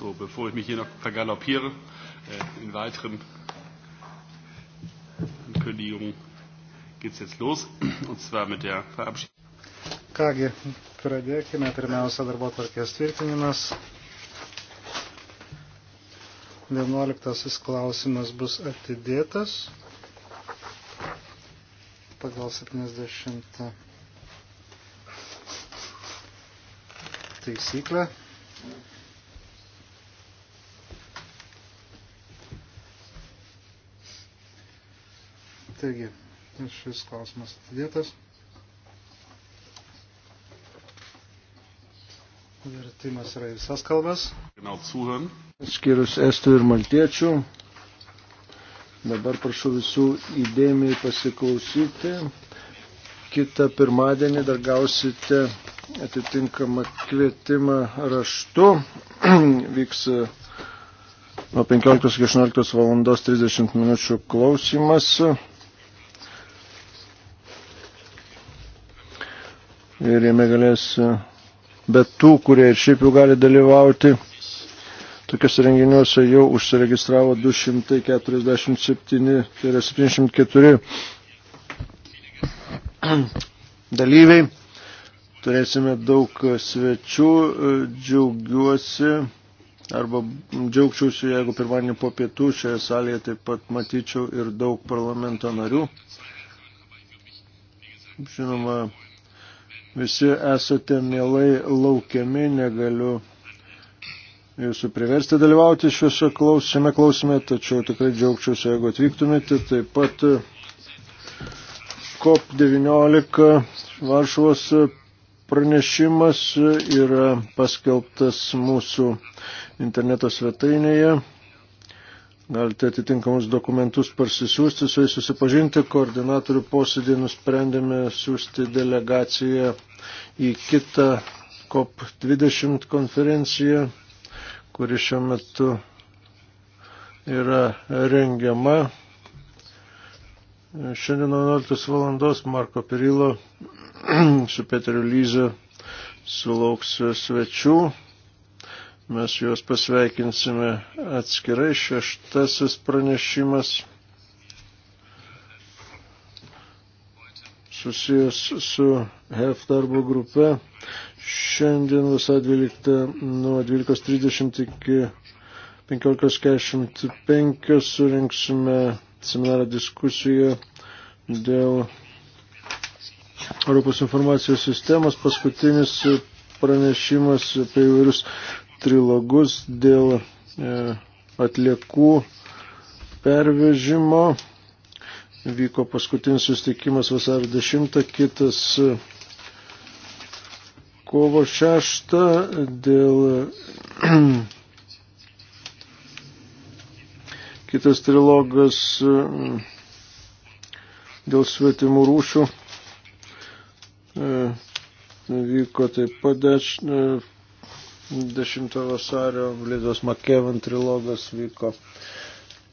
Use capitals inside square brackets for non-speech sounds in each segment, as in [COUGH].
So, bevor ich mich hier noch vergaloppiere, äh, in weiteren Ankündigungen geht es jetzt los, und zwar mit der Verabschiedung. Kągi, pradėkime. Pirmiausia, darbo tvarkės tvirtinimas. 11 klausimas bus atidėtas pagal 70 taisyklę. Taigi, šis klausimas atidėtas. Vertimas yra visas kalbas. Skirius estų ir maltiečių. Dabar prašau visų įdėmiai pasiklausyti. Kita pirmadienį dar gausite atitinkamą kvietimą raštu. [CLEARS THROAT] Vyks nuo 15 iki 16 valandos 30 minučių klausimas. ir jame galės, e, bet tų, kurie ir šiaip jau gali dalyvauti, tokiuose renginiuose jau užsiregistravo 247, tai yra 74 [CLEARS THROAT] dalyviai. Turėsime daug svečių, e, džiaugiuosi arba džiaugčiausi, jeigu pirmadienį po pietų šioje salėje taip pat matyčiau ir daug parlamento narių. Žinoma, Visi esate mielai laukiami, negaliu jūsų priversti dalyvauti šiuose klausime, klausime, tačiau tikrai džiaugčiausi, jeigu atvyktumėte. Taip pat COP19 e, Varšuvos e, pranešimas e, yra paskelbtas mūsų interneto svetainėje. Galite atitinkamus dokumentus parsisiųsti, su jais susipažinti. Koordinatorių posėdį nusprendėme siūsti delegaciją į kitą COP20 konferenciją, kuri šiuo metu yra rengiama. Šiandien 11 valandos Marko Pirilo [CLEARS THROAT] su Peteriu Lyze sulauks svečių. Mes juos pasveikinsime atskirai. Šeštasis pranešimas susijęs su HEF darbo grupe. Šiandien visą 12 nuo 12.30 iki 15.45 surinksime seminarą diskusiją dėl Europos informacijos sistemos. Paskutinis pranešimas apie įvairius trilogus dėl e, atliekų pervežimo. Vyko paskutinis sustikimas vasario 10, kitas e, kovo 6 dėl [CLEARS THROAT] kitas trilogas e, dėl svetimų rūšių vyko taip pat 10 vasario Lidos Makevan trilogas vyko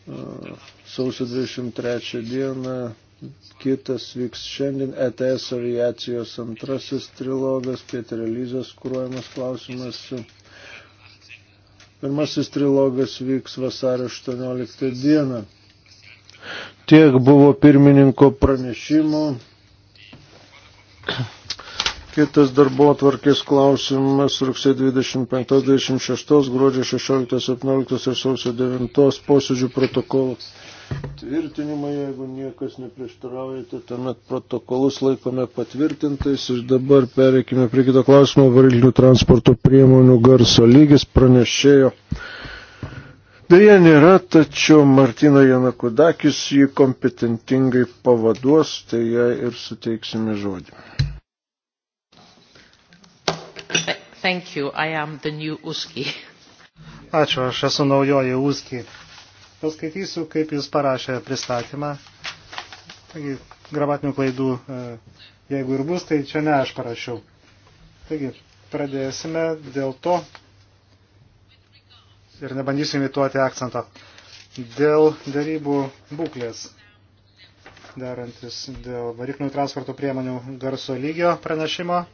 e, sausio 23 dieną, kitas vyks šiandien ETS aviacijos antrasis trilogas, Pieter Elizas kūruojamas klausimas. Pirmasis trilogas vyks vasario 18 dieną. Tiek buvo pirmininko pranešimų. Kitas darbo atvarkės klausimas rugsėjo 25-26, gruodžio 16-17 ir sausio 9 posėdžių protokolo tvirtinimą, jeigu niekas neprieštaraujate, tuomet protokolus laikome patvirtintais ir dabar pereikime prie kito klausimo variklių transporto priemonių garso lygis pranešėjo. Deja nėra, tačiau Martina Janakudakis jį kompetentingai pavaduos, tai jai ir suteiksime žodį. Th thank you, I am the new Uski. Ačiū, aš esu naujoji Uski. Paskaitysiu, kaip jis parašė pristatymą. Taigi, gramatinių klaidų, e, jeigu ir bus, tai čia ne aš parašiau. Taigi, pradėsime dėl to ir nebandysiu imituoti akcentą. Dėl darybų būklės, darantis dėl variklių transporto priemonių garso lygio pranešimo,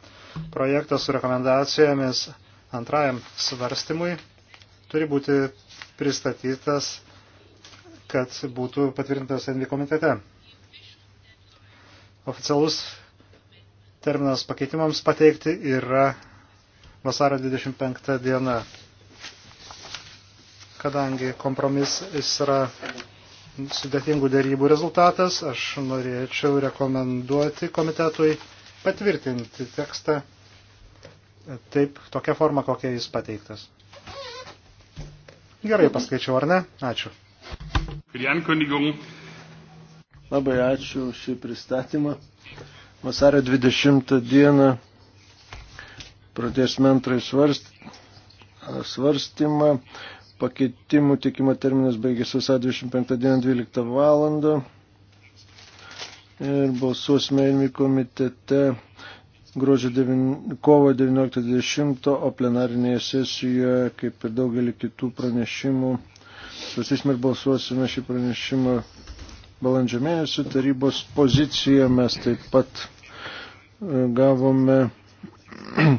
projektas su rekomendacijomis antrajam svarstymui turi būti pristatytas, kad būtų patvirtintas NV komitete. Oficialus terminas pakeitimams pateikti yra vasario 25 diena, kadangi kompromisas yra sudėtingų dėrybų rezultatas, aš norėčiau rekomenduoti komitetui patvirtinti tekstą taip, tokia forma, kokia jis pateiktas. Gerai paskaičiau, ar ne? Ačiū. Labai ačiū šį pristatymą. Vasario 20 dieną pradės mentrai svarst, svarstymą. Pakeitimų tikimo terminas baigėsi vasario 25 dieną 12 valandą ir balsuosime Elmi komitete gruodžio 9, kovo 19.20, o plenarinėje sesijoje, kaip ir daugelį kitų pranešimų, susisime ir balsuosime šį pranešimą balandžio mėnesio tarybos poziciją. Mes taip pat e, gavome, [CLEARS THROAT]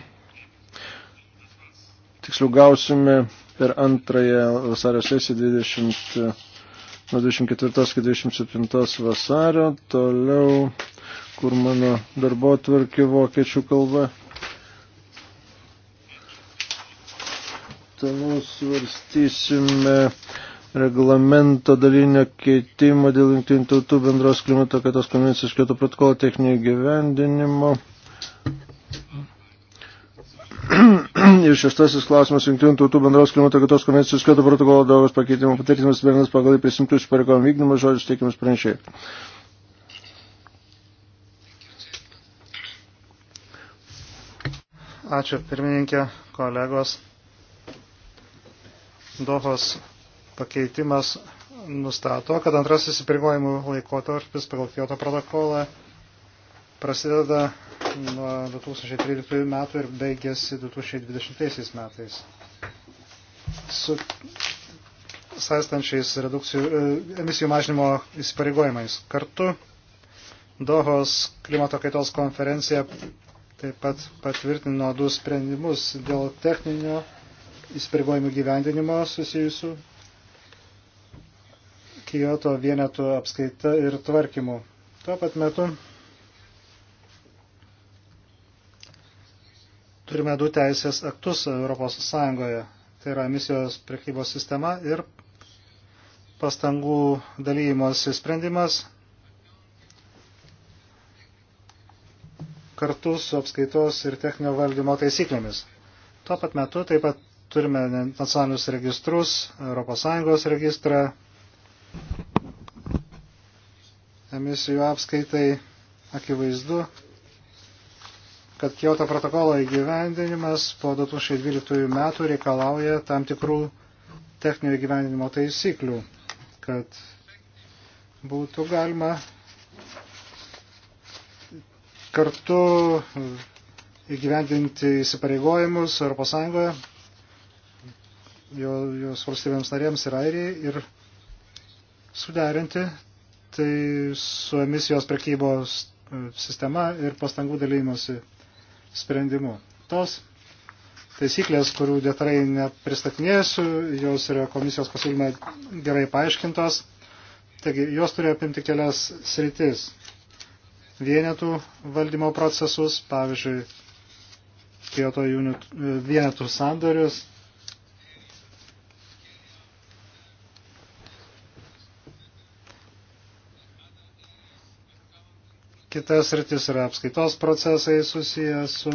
tiksliau gausime per antrąją vasario sesiją 20 nuo 24 iki 27 vasario, toliau, kur mano darbo tvarkė vokiečių kalba. Toliau svarstysime reglamento dalinio keitimo dėl jungtinių tautų bendros klimato kaitos konvencijos kieto protokolo techninio gyvendinimo. [CLEARS THROAT] [CLEARS THROAT] Ir šeštasis klausimas, jungtinių tautų bendros klimato kitos konvencijos kieto protokolo davos pakeitimo patvirtinimas vienas pagal prisimtų įsipareigojimų vykdymą žodžius teikiamas pranešėjai. Ačiū pirmininkė, kolegos. Dohos pakeitimas nustato, kad antrasis įsipareigojimų laikotarpis pagal Kyoto protokolą prasideda nuo 2013 metų ir baigėsi 2020 metais. Su saistančiais redukcijų, e, emisijų mažinimo įsipareigojimais. Kartu Dohos klimato kaitos konferencija taip pat patvirtino du sprendimus dėl techninio įsipareigojimų gyvendinimo susijusių Kyoto vienetų apskaita ir tvarkymų. Tuo pat metu turime du teisės aktus Europos Sąjungoje. Tai yra misijos prekybos sistema ir pastangų dalymosi sprendimas kartu su apskaitos ir techninio valdymo taisyklėmis. Tuo pat metu taip pat turime nacionalinius registrus, ES registrą, emisijų apskaitai akivaizdu, kad Kyoto protokolo įgyvendinimas po 2012 metų reikalauja tam tikrų techninio įgyvendinimo taisyklių, kad būtų galima kartu įgyvendinti įsipareigojimus ES, jos valstybėms narėms ir Airijai ir suderinti tai su emisijos prekybos e, sistema ir pastangų dalymosi sprendimu. Tos taisyklės, kurių detaliai nepristatinėsiu, jos yra komisijos pasiūlyme gerai paaiškintos. Taigi, jos turėjo apimti kelias sritis. Vienetų valdymo procesus, pavyzdžiui, Kyoto vienetų sandorius, Kitas rytis yra apskaitos procesai susijęs su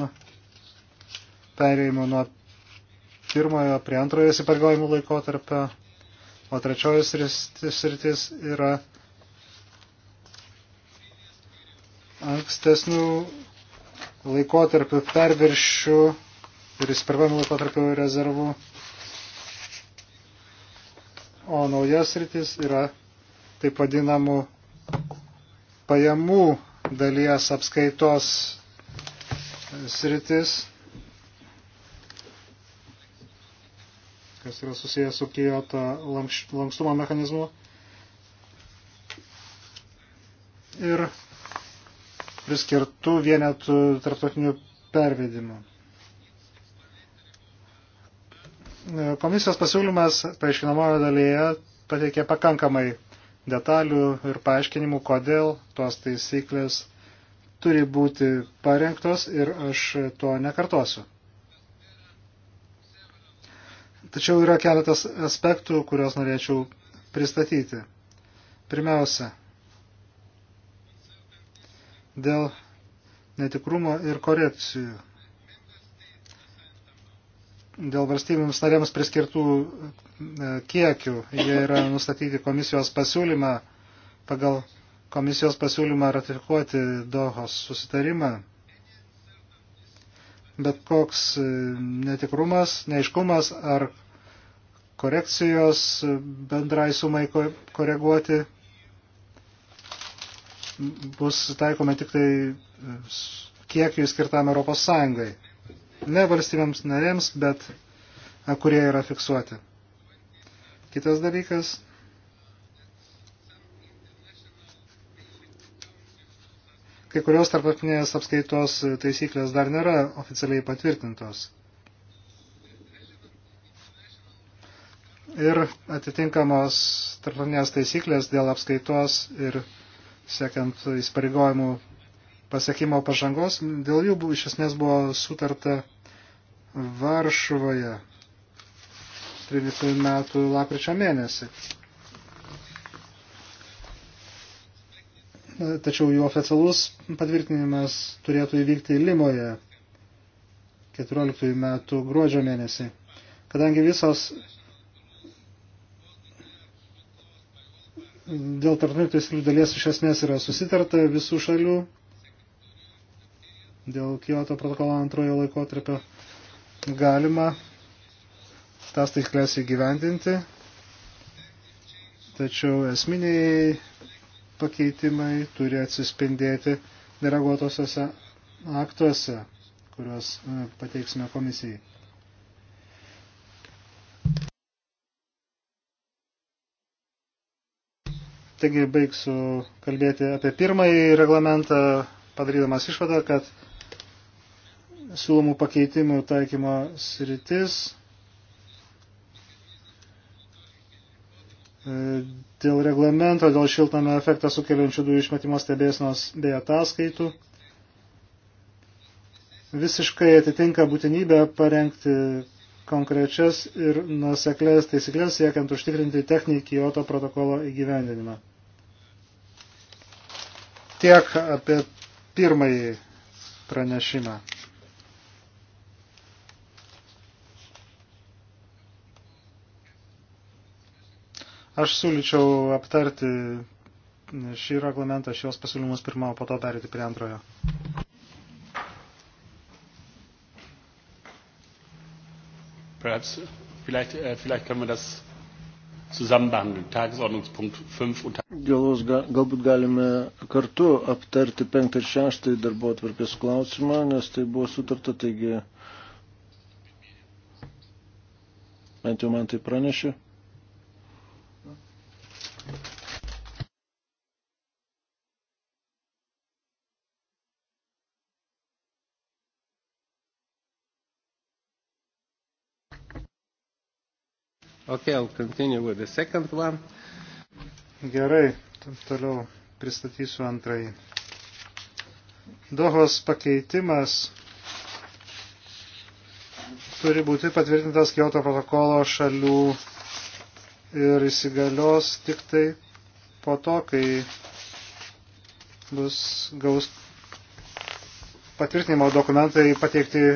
perėjimu nuo pirmojo prie antrojo įsipareigojimų laikotarpio, o trečioji sritis yra ankstesnių laikotarpių perviršių ir įsipareigojimų laikotarpių rezervų, o naujas sritis yra taip vadinamų pajamų dalies apskaitos sritis, kas yra susijęs su Kijoto lankstumo mechanizmu. Ir priskirtų vienetų tarptautinių pervedimų. Komisijos pasiūlymas paaiškinamojo dalyje pateikė pakankamai detalių ir paaiškinimų, kodėl tos taisyklės turi būti parengtos ir aš to nekartosiu. Tačiau yra keletas aspektų, kuriuos norėčiau pristatyti. Pirmiausia, dėl netikrumo ir korekcijų dėl valstybėms narėms priskirtų e, kiekių. Jie yra nustatyti komisijos pasiūlymą pagal komisijos pasiūlymą ratifikuoti Dohos susitarimą. Bet koks e, netikrumas, neiškumas ar korekcijos bendrai sumai koreguoti bus taikoma tik tai e, kiekiu skirtam Europos Sąjungai ne valstybėms narėms, bet kurie yra fiksuoti. Kitas dalykas. Kai kurios tarptautinės apskaitos taisyklės dar nėra oficialiai patvirtintos. Ir atitinkamos tarptautinės taisyklės dėl apskaitos ir siekiant įsipareigojimų pasiekimo pažangos, dėl jų buvo, iš esmės buvo sutarta Varšuvoje 13 metų lapkričio mėnesį. Tačiau jų oficialus patvirtinimas turėtų įvykti Limoje 14 metų gruodžio mėnesį. Kadangi visos dėl tarptautinių taisyklių dalies iš esmės yra susitarta visų šalių dėl Kyoto protokolo antrojo laikotarpio galima tas taiklės įgyvendinti, tačiau esminiai pakeitimai turi atsispindėti deleguotosiuose aktuose, kuriuos e, pateiksime komisijai. Taigi baigsiu kalbėti apie pirmąjį reglamentą, padarydamas išvadą, kad siūlomų pakeitimų taikymo sritis. E, dėl reglamento, dėl šiltnamio efektą sukeliančių dujų išmetimo stebėsnos bei ataskaitų visiškai atitinka būtinybę parengti konkrečias ir nuseklės taisyklės siekiant užtikrinti techninį Kyoto protokolo įgyvendinimą. Tiek apie pirmąjį pranešimą. Aš siūlyčiau aptarti šį reglamentą, šios pasiūlymus pirmą, o po to perėti prie antrojo. Perhaps, vielleicht, äh, vielleicht können wir das zusammen behandeln. Tagesordnungspunkt 5 und Galus, galbūt galime kartu aptarti 5 ir 6 darbo atvarkės klausimą, nes tai buvo sutarta, taigi bent jau man tai pranešė. Okay, I'll continue with the second one. Gerai, toliau pristatysiu antrąjį. Dohos pakeitimas turi būti patvirtintas Kyoto protokolo šalių ir įsigalios tik tai po to, kai bus gaus patvirtinimo dokumentai pateikti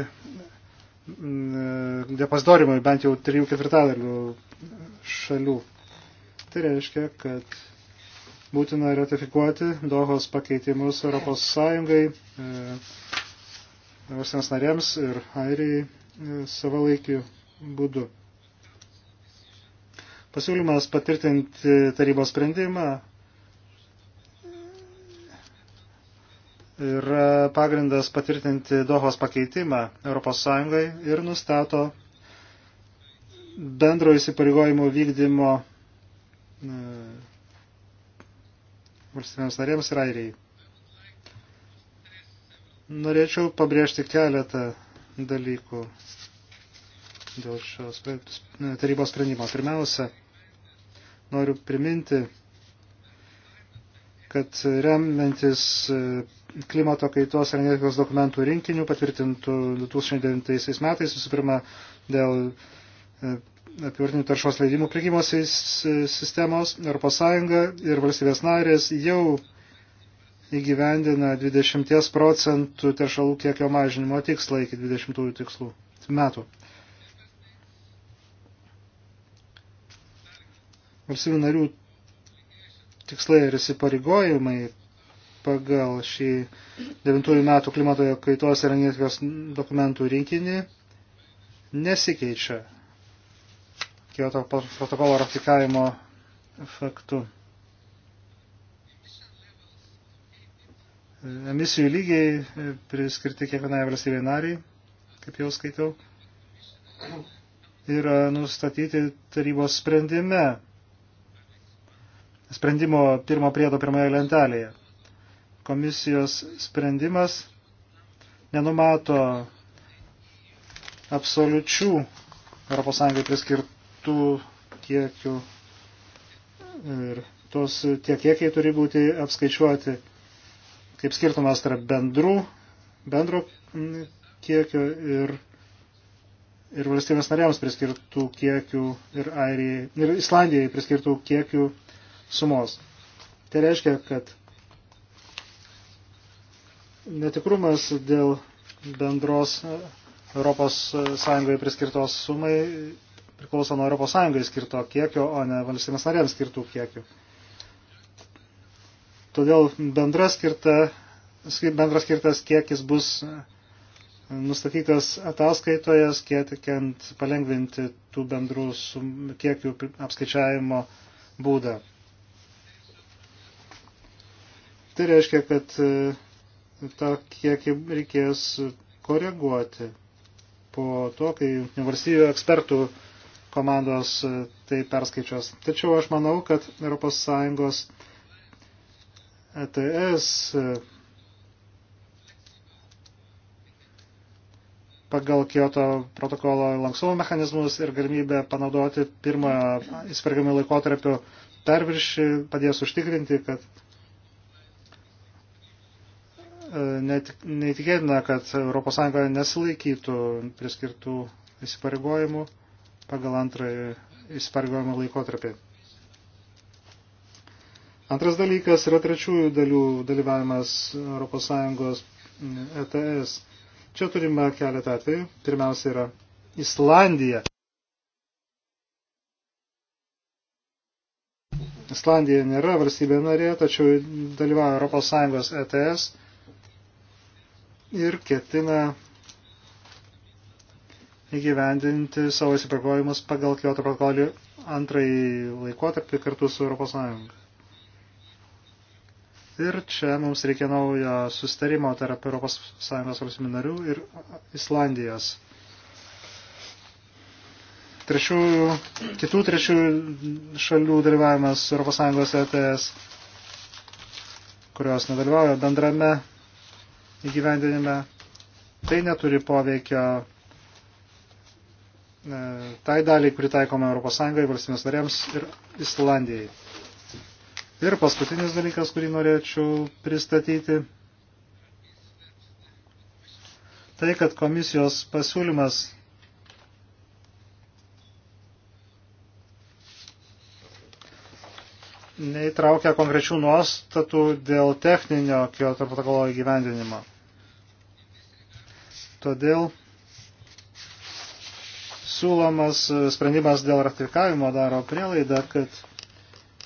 Mm, depozitorimui bent jau 3 ketvirtadalių šalių. Tai reiškia, kad būtina ratifikuoti Dohos pakeitimus Europos Sąjungai, Rusijos e, narėms ir Airijai e, savalaikiu būdu. Pasiūlymas patvirtinti tarybos sprendimą yra pagrindas patvirtinti Dohos pakeitimą ES ir nustato bendro įsipareigojimo vykdymo e, valstybėms narėms ir airiai. Norėčiau pabrėžti keletą dalykų dėl šios e, tarybos sprendimo. Pirmiausia, noriu priminti, kad remiantis e, klimato kaitos ir energetikos dokumentų rinkinių patvirtintų 2009 metais, visų pirma, dėl e, apivartinių taršos leidimų prekybos sistemos ES ir valstybės narės jau įgyvendina 20 procentų teršalų kiekio mažinimo tikslą iki 20 tikslų metų. Valstybių narių tikslai ir įsipareigojimai pagal šį 9 metų klimatojo kaitos ir energetikos dokumentų rinkinį nesikeičia Kyoto protokolo ratifikavimo faktu. Emisijų lygiai priskirti kiekvienai valstybei nariai, kaip jau skaitau, yra nustatyti tarybos sprendime, sprendimo pirmo priedo pirmoje lentelėje. Komisijos sprendimas nenumato absoliučių ES priskirtų kiekių ir tos tie kiekiai turi būti apskaičiuoti kaip skirtumas tarp bendrų, bendro kiekio ir, ir valstybės narėms priskirtų kiekių ir, Airijai, ir Islandijai priskirtų kiekių sumos. Tai reiškia, kad Netikrumas dėl bendros ES priskirtos sumai priklauso nuo ES skirto kiekio, o ne valstybės narėms skirtų kiekių. Todėl bendra skirta, bendras skirtas kiekis bus nustatytas ataskaitoje, skėtikant palengvinti tų bendrų kiekių apskaičiavimo būdą. Tai reiškia, kad tą kiekį reikės koreguoti po to, kai valstybių ekspertų komandos tai perskaičios. Tačiau aš manau, kad ES ETS pagal Kyoto protokolo lankstumo mechanizmus ir galimybę panaudoti pirmojo įspargiamų laikotarpio perviršį padės užtikrinti, kad E, net, neįtikėtina, kad ES nesilaikytų priskirtų įsipareigojimų pagal antrąjį įsipareigojimo laikotarpį. Antras dalykas yra trečiųjų dalių dalyvavimas ES ETS. Čia turime keletą atvejų. Pirmiausia yra Islandija. Islandija nėra valstybė narė, tačiau dalyvauja ES ETS ir ketina įgyvendinti savo įsipareigojimus pagal Kyoto protokolį antrąjį laikotarpį kartu su ES. Ir čia mums reikia naujo sustarimo tarp ES valstybių narių ir Islandijos. Trešių, kitų trečių šalių dalyvavimas ES ETS, kurios nedalyvauja bendrame įgyvendinime. Tai neturi poveikio e, tai daliai, kuri taikoma ES, valstybės narėms ir Islandijai. Ir paskutinis dalykas, kurį norėčiau pristatyti, tai, kad komisijos pasiūlymas neįtraukia konkrečių nuostatų dėl techninio Kyoto protokolo įgyvendinimo. Todėl siūlomas e, sprendimas dėl ratifikavimo daro prielaidą, kad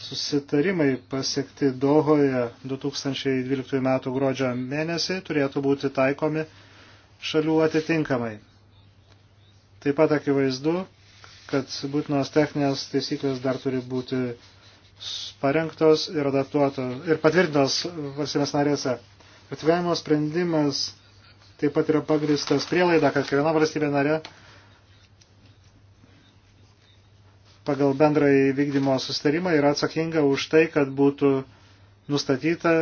susitarimai pasiekti Dohoje 2012 m. gruodžio mėnesį turėtų būti taikomi šalių atitinkamai. Taip pat akivaizdu, kad būtinos techninės taisyklės dar turi būti parengtos ir adaptuotos ir patvirtintos valstybės narėse. Atvejimo sprendimas taip pat yra pagristas prielaida, kad kiekviena valstybė narė pagal bendrąjį vykdymo sustarimą yra atsakinga už tai, kad būtų nustatyta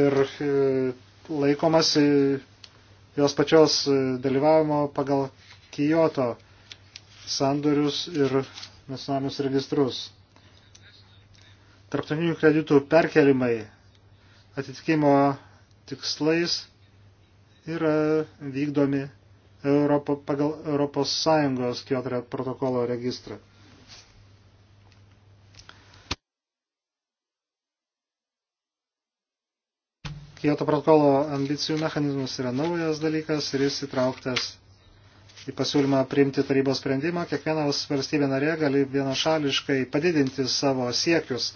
ir e, laikomas jos pačios dalyvavimo pagal Kijoto sandorius ir nacionalinius registrus. Tarptautinių kreditų perkelimai atitikimo tikslais yra vykdomi Europo, pagal Europos Sąjungos Kyoto protokolo registrą. Kyoto protokolo ambicijų mechanizmas yra naujas dalykas ir jis įtrauktas į pasiūlymą priimti tarybos sprendimą. Kiekvienas valstybė narė gali vienašališkai padidinti savo siekius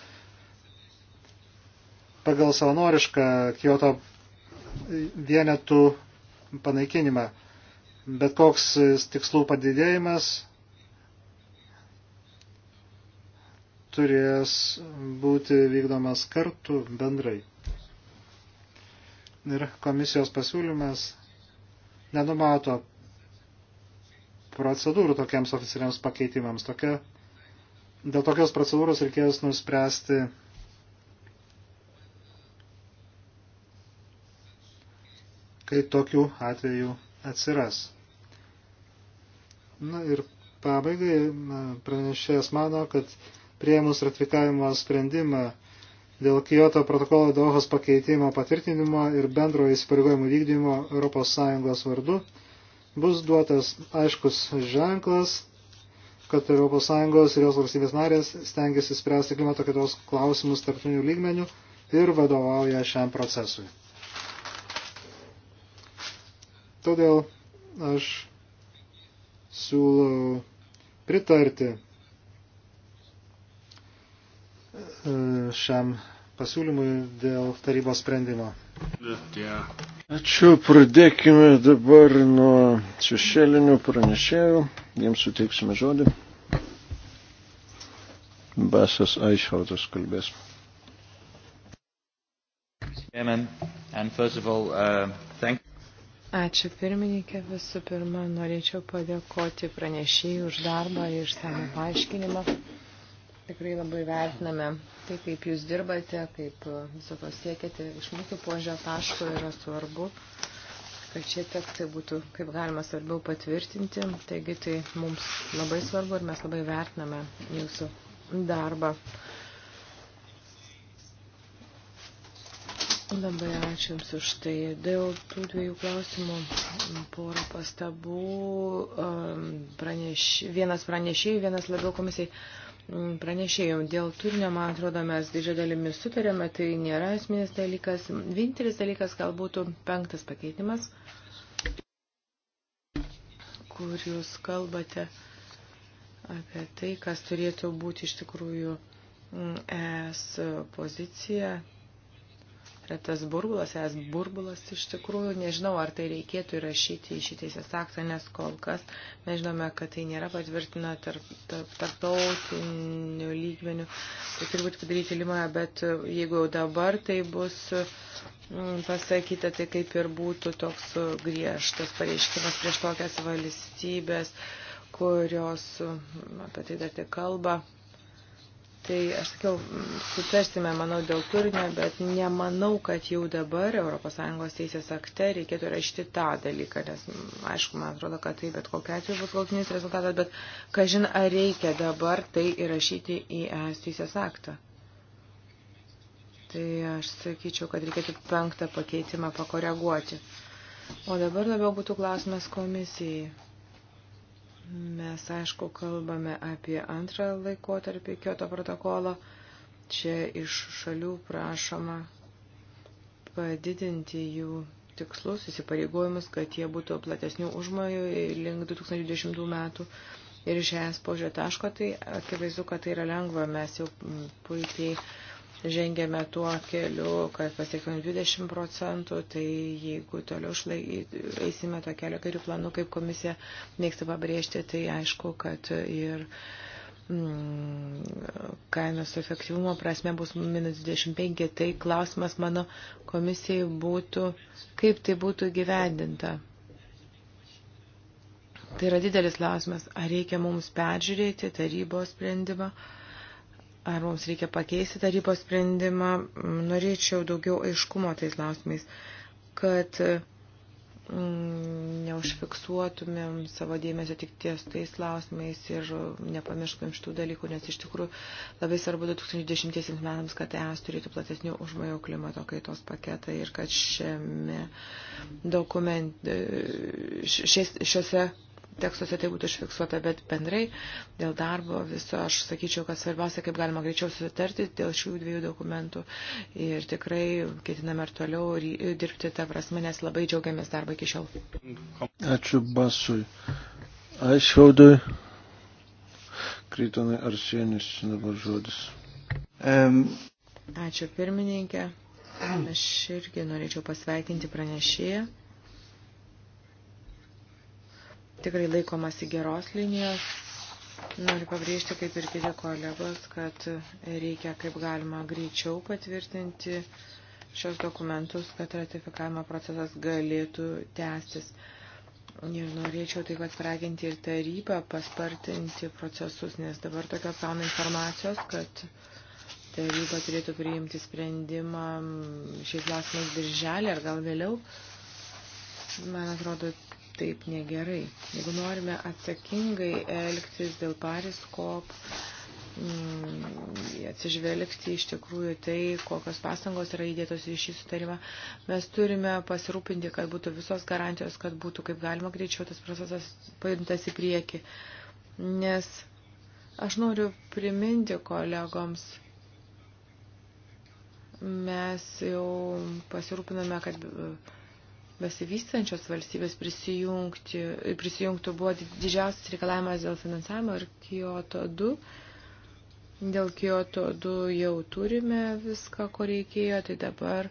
pagal savanorišką Kyoto vienetų panaikinimą. Bet koks tikslų padidėjimas turės būti vykdomas kartu bendrai. Ir komisijos pasiūlymas nenumato procedūrų tokiems oficialiams pakeitimams. Tokia, dėl tokios procedūros reikės nuspręsti kai tokių atvejų atsiras. Na ir pabaigai pranešėjas mano, kad prieimus ratifikavimo sprendimą dėl Kyoto protokolo Dohos pakeitimo patvirtinimo ir bendro įsipareigojimų vykdymo ES vardu bus duotas aiškus ženklas, kad ES ir jos valstybės narės stengiasi spręsti klimato kitos klausimus tarptautinių lygmenių ir vadovauja šiam procesui. Todėl aš siūlau pritarti e, šiam pasiūlymui dėl tarybos sprendimo. Ačiū, pradėkime dabar nuo šešėlinių pranešėjų. Jiems suteiksime žodį. Basas Aišhautas kalbės. Chairman, and first of all, uh, thank Ačiū pirmininkė. Visų pirma, norėčiau padėkoti pranešėjai už darbą ir išsamų paaiškinimą. Tikrai labai vertiname tai, kaip jūs dirbate, kaip viso to siekiate. Iš mūsų požio taško yra svarbu, kad šie tekstai būtų kaip galima svarbiau patvirtinti. Taigi tai mums labai svarbu ir mes labai vertiname jūsų darbą. Labai ačiū Jums už tai. Dėl tų dviejų klausimų porą pastabų. Um, praneš, vienas pranešėjai, vienas labiau komisijai pranešėjom. Dėl turinio, man atrodo, mes didžią dalimi sutarėme, tai nėra esminis dalykas. Vienintelis dalykas gal būtų penktas pakeitimas, kur Jūs kalbate apie tai, kas turėtų būti iš tikrųjų es pozicija, yra tas burbulas, es burbulas iš tikrųjų, nežinau, ar tai reikėtų įrašyti į šį teisės aktą, nes kol kas mes žinome, kad tai nėra patvirtina tarp, tarp, tarptautinių lygmenių, tai turi būti padaryti Limoje, bet jeigu jau dabar tai bus mm, pasakyta, tai kaip ir būtų toks griežtas pareiškimas prieš tokias valstybės, kurios mm, apie tai dar tik kalba. Tai aš sakiau, sutarsime, manau, dėl turinio, bet nemanau, kad jau dabar ES teisės akte reikėtų rašyti tą dalyką, nes, aišku, man atrodo, kad tai bet kokia atveju bus galtinis rezultatas, bet kažin, ar reikia dabar tai įrašyti į ES teisės aktą. Tai aš sakyčiau, kad reikėtų penktą pakeitimą pakoreguoti. O dabar labiau būtų klausimas komisijai Mes, aišku, kalbame apie antrą laikotarpį Kyoto protokolo. Čia iš šalių prašoma padidinti jų tikslus, įsipareigojimus, kad jie būtų platesnių užmojų link 2010 metų. Ir iš es požiūrė taško, tai akivaizdu, kad tai yra lengva, mes jau puikiai žengėme tuo keliu, kad pasiekime 20 procentų, tai jeigu toliau eisime to kelio karių planu, kaip komisija mėgsta pabrėžti, tai aišku, kad ir mm, kainos efektyvumo prasme bus minus 25, tai klausimas mano komisijai būtų, kaip tai būtų gyvendinta. Tai yra didelis klausimas, ar reikia mums peržiūrėti tarybos sprendimą. Uh, ar mums reikia pakeisti tarybos sprendimą. Norėčiau daugiau aiškumo tais klausimais, kad mm, neužfiksuotumėm savo dėmesio tik ties tais klausimais ir nepamirštumėm šitų dalykų, nes iš tikrųjų labai svarbu 2010 metams, kad ES turėtų platesnių užmojų klimato kaitos paketą ir kad šiame dokument, šiose tekstuose tai būtų užfiksuota, bet bendrai dėl darbo viso aš sakyčiau, kad svarbiausia, kaip galima greičiau sutarti dėl šių dviejų dokumentų ir tikrai ketiname ir toliau dirbti tą prasme, nes labai džiaugiamės darbą iki šiol. Ačiū Basui. Aišvaudui. Krytonai Arsienis dabar žodis. Um. Ačiū pirmininkė. Aš irgi norėčiau pasveikinti pranešėją tikrai laikomasi geros linijos. Noriu pabrėžti, kaip ir kiti kolegos, kad reikia kaip galima greičiau patvirtinti šios dokumentus, kad ratifikavimo procesas galėtų tęstis. Ir norėčiau taip pat raginti ir tarybą paspartinti procesus, nes dabar tokia sauna informacijos, kad taryba turėtų priimti sprendimą šiais klausimais birželį ar gal vėliau. Man atrodo, taip negerai. Jeigu norime atsakingai elgtis dėl Paris COP, mm, atsižvelgti iš tikrųjų tai, kokios pastangos yra įdėtos į šį sutarimą. Mes turime pasirūpinti, kad būtų visos garantijos, kad būtų kaip galima greičiau tas procesas paimtas į priekį. Nes aš noriu priminti kolegoms, mes jau pasirūpiname, kad besivystančios valstybės prisijungtų buvo didžiausias reikalavimas dėl finansavimo ir Kyoto 2. Dėl Kyoto 2 jau turime viską, ko reikėjo, tai dabar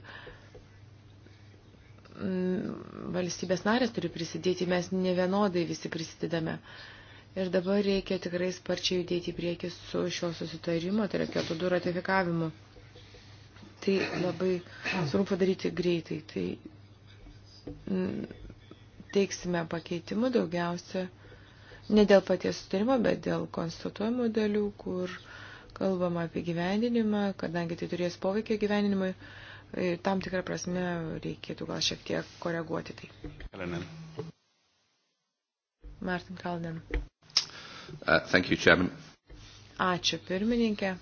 mm, valstybės narės turi prisidėti, mes ne vienodai visi prisidedame. Ir dabar reikia tikrai sparčiai judėti į priekį su šio susitarimo, tai yra Kyoto 2 ratifikavimu. Tai labai svarbu padaryti greitai. Tai teiksime pakeitimų daugiausia ne dėl paties sutarimo, bet dėl konstatuojamų dalių, kur kalbama apie gyvendinimą, kadangi tai turės poveikio gyvendinimui ir tam tikrą prasme reikėtų gal šiek tiek koreguoti tai. Kalinen. Martin Kalden. Uh, thank you, Chairman. Ačiū, pirmininkė.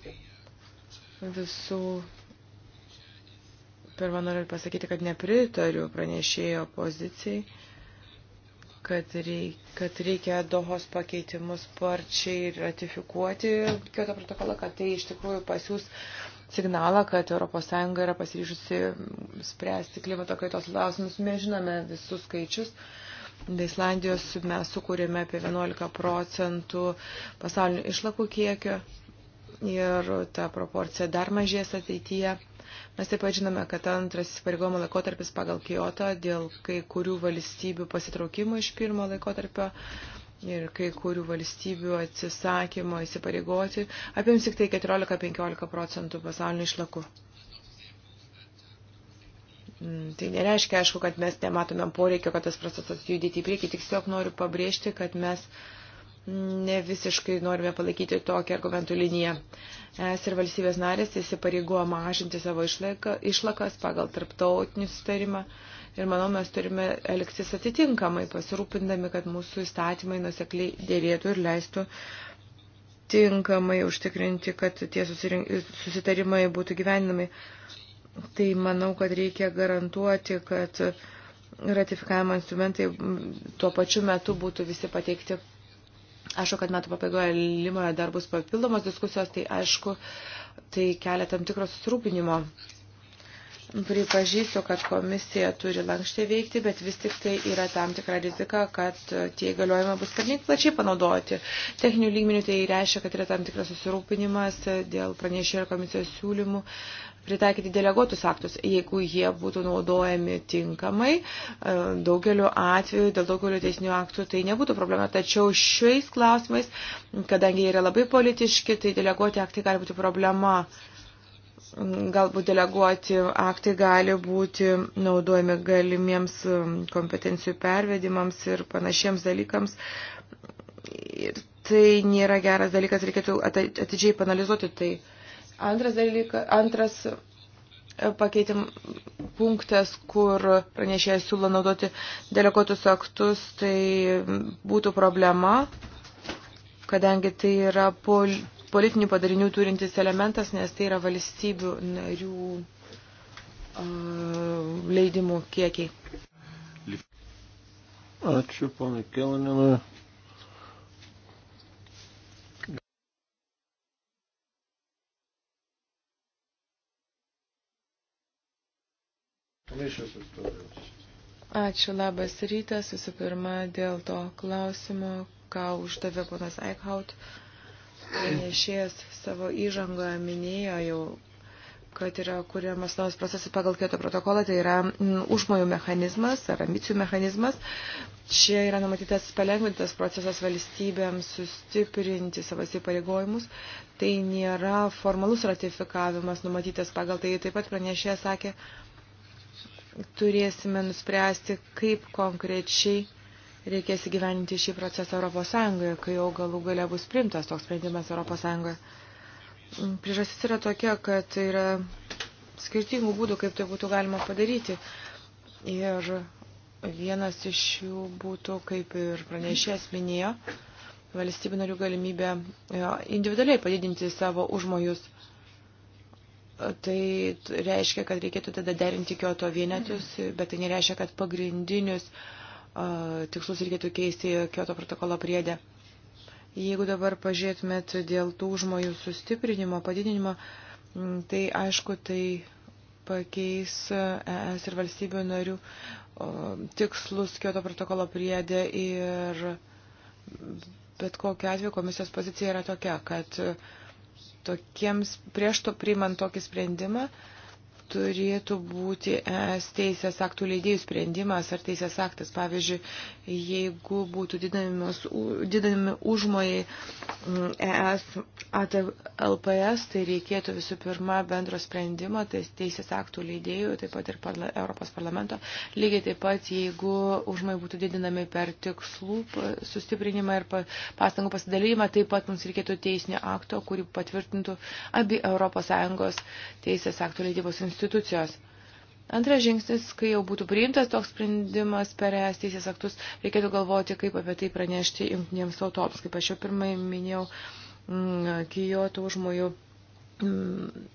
Visų Pirmą noriu pasakyti, kad nepritariu pranešėjo pozicijai, kad, reik, kad reikia dohos pakeitimus parčiai ratifikuoti Kyoto protokolą, kad tai iš tikrųjų pasiūs signalą, kad ES yra pasiryžusi spręsti klimato kaitos klausimus. Mes žinome visus skaičius. Islandijos mes sukūrėme apie 11 procentų pasaulio išlakų kiekio ir ta proporcija dar mažės ateityje. Mes taip pat žinome, kad antras įsipareigojimo laikotarpis pagal Kyoto dėl kai kurių valstybių pasitraukimo iš pirmo laikotarpio ir kai kurių valstybių atsisakymo įsipareigoti apims tik tai 14-15 procentų pasaulinių išlakų. Mm, tai nereiškia, aišku, kad mes nematomėm poreikio, kad tas procesas judėti į priekį, tik tiesiog noriu pabrėžti, kad mes uh, ne visiškai norime palaikyti tokią argumentų liniją. Es ir valstybės narės įsipareigojo mažinti savo išlakas pagal tarptautinį sustarimą ir manau, mes turime elgtis atitinkamai, pasirūpindami, kad mūsų įstatymai nusekliai dėrėtų ir leistų tinkamai užtikrinti, kad tie susitarimai būtų gyvenami. Tai manau, kad reikia garantuoti, kad ratifikavimo instrumentai tuo pačiu metu būtų visi pateikti Aišku, kad metų pabaigoje Limoje dar bus papildomos diskusijos, tai aišku, tai kelia tam tikros susirūpinimo. Pripažįsiu, kad komisija turi lankščiai veikti, bet vis tik tai yra tam tikra rizika, kad tie įgaliojimai bus pernelyg plačiai panaudoti. Techninių lygmenių tai reiškia, kad yra tam tikras susirūpinimas dėl pranešėjo ir komisijos siūlymų pritaikyti deleguotus aktus, jeigu jie būtų naudojami tinkamai. E, daugeliu atveju, dėl daugelio teisinių aktų tai nebūtų problema. Tačiau šiais klausimais, kadangi jie yra labai politiški, tai deleguoti aktai gali būti problema. Galbūt deleguoti aktai gali būti naudojami galimiems kompetencijų pervedimams ir panašiems dalykams. Ir tai nėra geras dalykas, reikėtų atidžiai panalizuoti tai. Uh, Antras dalykas, antras e, pakeitim punktas, kur pranešėjas siūlo naudoti deleguotus aktus, tai būtų problema, kadangi tai yra pol, politinių padarinių turintis elementas, nes tai yra valstybių narių uh, leidimų kiekiai. Ačiū, ponai Kelaninui. Iš istorijos. Ačiū, labas rytas. Visų pirma, dėl to klausimo, ką uždavė ponas Eichhaut, pranešėjas savo įžangoje minėjo jau, kad yra kuriamas naujas procesas pagal kieto protokolą, tai yra mm, užmojų mechanizmas ar ambicijų mechanizmas. Čia yra numatytas palengvintas procesas valstybėms sustiprinti savo įpareigojimus. Tai nėra formalus ratifikavimas numatytas pagal tai, taip pat pranešėjas sakė, turėsime nuspręsti, kaip konkrečiai reikės įgyveninti šį procesą ES, kai jau galų gale bus primtas toks sprendimas ES. Mm, priežastis yra tokia, kad tai yra skirtingų būdų, kaip tai būtų galima padaryti. Ir vienas iš jų būtų, kaip ir pranešėjas minėjo, valstybių narių galimybė e, individualiai padidinti savo užmojus tai reiškia, kad reikėtų tada derinti kioto vienetus, bet tai nereiškia, kad pagrindinius uh, tikslus reikėtų keisti kioto protokolo priedę. Jeigu dabar pažiūrėtumėt dėl tų užmojų sustiprinimo, padidinimo, tai aišku, tai pakeis e, ES ir valstybių narių uh, tikslus kioto protokolo priedę ir bet kokiu atveju komisijos pozicija yra tokia, kad uh, tokiems prieš to priimant tokį sprendimą turėtų būti es teisės aktų leidėjų sprendimas ar teisės aktas. Pavyzdžiui, jeigu būtų didinami užmojai mm, es LPS, tai reikėtų visų pirma bendro sprendimo, tai teisės aktų leidėjų, taip pat ir parla, Europos parlamento. Lygiai taip pat, jeigu užmojai būtų didinami per tikslų sustiprinimą ir pastangų pasidalymą, taip pat mums reikėtų teisinio akto, kurį patvirtintų abi ES teisės aktų leidybos institucijos institucijos. Antras žingsnis, kai jau būtų priimtas toks sprendimas per ES teisės aktus, reikėtų galvoti, kaip apie tai pranešti jungtinėms tautoms. Kaip aš jau pirmai minėjau, mm, Kijoto užmojų mm,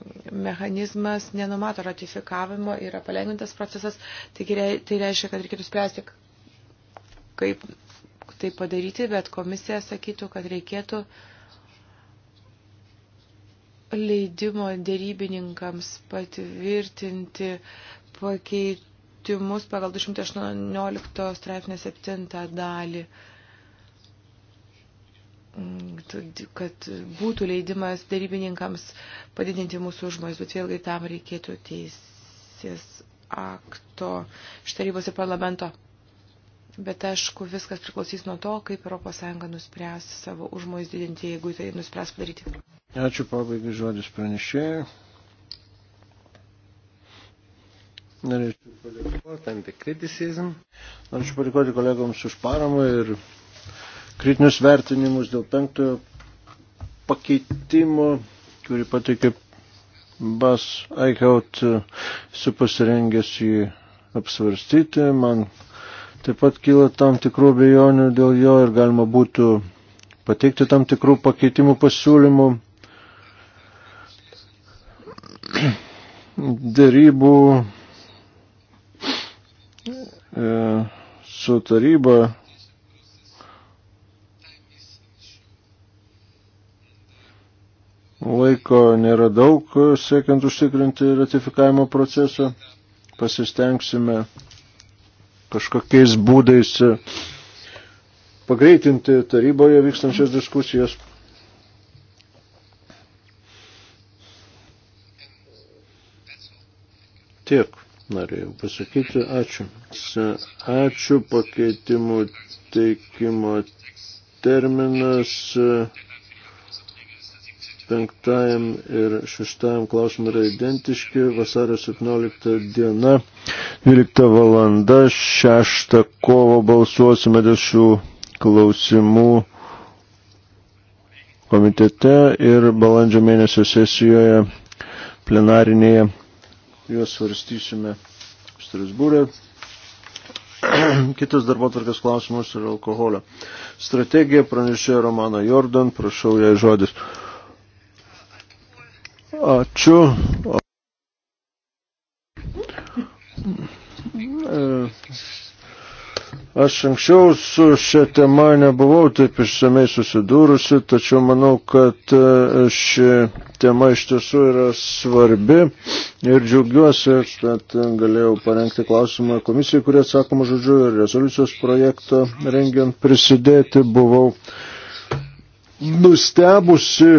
mechanizmas nenumato ratifikavimo, yra palengvintas procesas, taigi tai reiškia, kad reikėtų spręsti, kaip tai padaryti, bet komisija sakytų, kad reikėtų uh, leidimo dėrybininkams patvirtinti pakeitimus pagal 218 straipsnio 7 dalį kad būtų leidimas darybininkams padidinti mūsų užmojus, bet vėlgi tam reikėtų teisės akto iš tarybos ir parlamento. Bet aišku, viskas priklausys nuo to, kaip ES nuspręs savo užmojus didinti, jeigu tai nuspręs padaryti. Ačiū pabaigai žodis pranešėjai. Norėčiau padėkoti. Norėčiau padėkoti kolegoms už paramą ir kritinius vertinimus dėl penktojo pakeitimo, kurį pateikė Bas Aikaut, su pasirengęs jį apsvarstyti. Man taip pat kyla tam tikrų bejonių dėl jo ir galima būtų pateikti tam tikrų pakeitimų pasiūlymų dėrybų e, su taryba laiko nėra daug, siekiant užtikrinti ratifikavimo procesą. Pasistengsime kažkokiais būdais pagreitinti taryboje vykstančias diskusijas. Tiek norėjau pasakyti. Ačiū. Ačiū pakeitimų teikimo terminas e, penktajam ir šeštajam klausimui yra identiški. Vasario 17 diena, 12 valanda, 6 kovo balsuosime dėl šių klausimų komitete ir balandžio mėnesio sesijoje plenarinėje juos svarstysime Strasbūrė. [CLEARS THROAT] Kitas darbo tvarkas klausimas yra alkoholio. Strategija pranešė Romana Jordan, prašau jai žodis. Ačiū. E, Aš anksčiau su šia tema nebuvau taip išsamei susidūrusi, tačiau manau, kad e, ši tema iš tiesų yra svarbi ir džiaugiuosi, kad galėjau parengti klausimą komisijai, kurie atsakoma žodžiu ir rezoliucijos projektą rengiant prisidėti. Buvau nustebusi,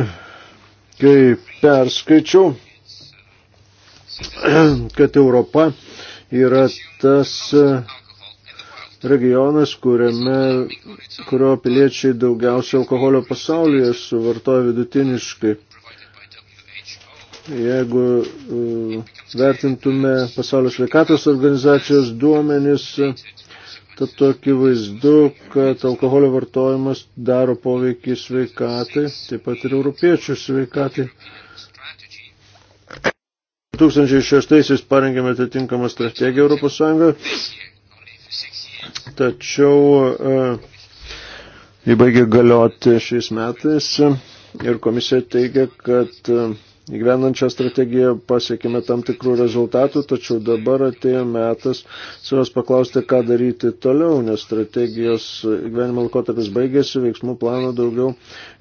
kai perskaičiau, kad Europa yra tas regionas, kuriame, kurio piliečiai daugiausia alkoholio pasaulyje suvartoja vidutiniškai. Jeigu uh, vertintume pasaulio sveikatos organizacijos duomenis, tad tokį vaizdu, kad alkoholio vartojimas daro poveikį sveikatai, taip pat ir europiečių sveikatai. 2006 parengėme atitinkamą strategiją Europos Sąjungoje tačiau įbaigė e, galioti šiais metais ir komisija teigia, kad e, Įgyvenančią strategiją pasiekime tam tikrų rezultatų, tačiau dabar atėjo metas savęs paklausti, ką daryti toliau, nes strategijos gyvenimo laikotarpis baigėsi, veiksmų plano daugiau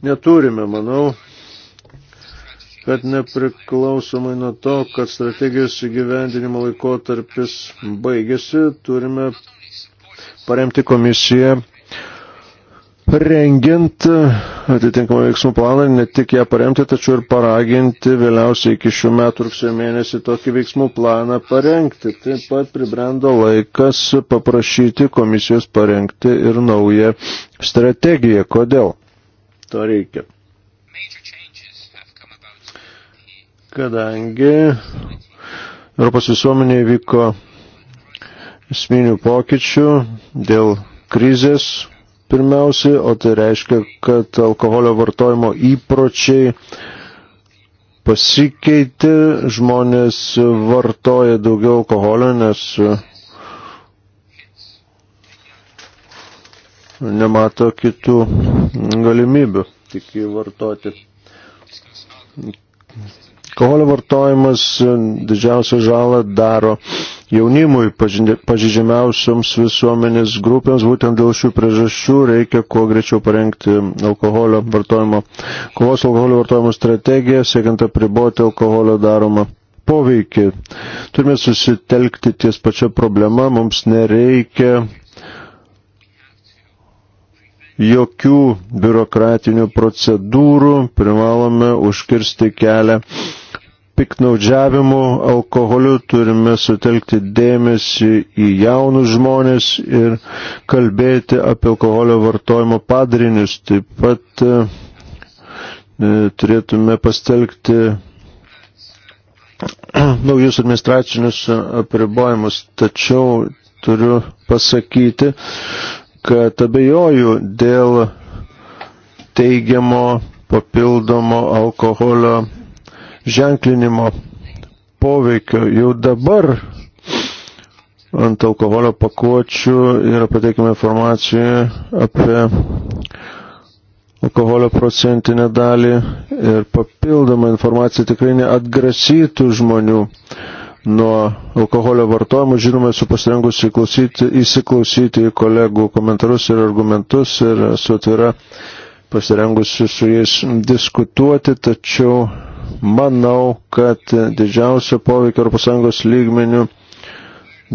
neturime. Manau, kad nepriklausomai nuo to, kad strategijos įgyvendinimo laikotarpis baigėsi, turime paremti komisiją rengiant atitinkamą veiksmų planą, ne tik ją paremti, tačiau ir paraginti vėliausiai iki šių metų rugsėjo mėnesį tokį veiksmų planą parengti. Taip pat pribrendo laikas paprašyti komisijos parengti ir naują strategiją. Kodėl? To reikia. Kadangi Europos visuomenėje vyko esminių pokyčių dėl krizės pirmiausiai, o tai reiškia, kad alkoholio vartojimo įpročiai pasikeitė, žmonės vartoja daugiau alkoholio, nes nemato kitų galimybių tik vartoti. Alkoholio vartojimas didžiausią žalą daro uh, jaunimui, pažydžiamiausioms visuomenės grupėms. Būtent dėl šių priežasčių reikia kuo greičiau parengti alkoholio vartojimo, kovos alkoholio vartojimo strategiją, siekiant apriboti alkoholio daromą poveikį. Turime susitelkti ties pačią problemą, mums nereikia jokių biurokratinių procedūrų, privalome užkirsti kelią piknaudžiavimu alkoholiu, turime sutelkti dėmesį į jaunus žmonės ir kalbėti apie alkoholio vartojimo padarinius. Taip pat e, e turėtume pastelgti [CLEARS THROAT] naujus administracinius apribojimus, tačiau turiu pasakyti, kad abejoju dėl teigiamo papildomo alkoholio ženklinimo poveikio. Jau dabar ant alkoholio pakuočių yra pateikima informacija apie alkoholio procentinę dalį ir papildoma informacija tikrai neatgrasytų žmonių nuo alkoholio vartojimo. Žinoma, esu pasirengusi įsiklausyti į kolegų komentarus ir argumentus ir esu atvira pasirengusi su jais diskutuoti, tačiau manau, kad didžiausią poveikį ES lygmenių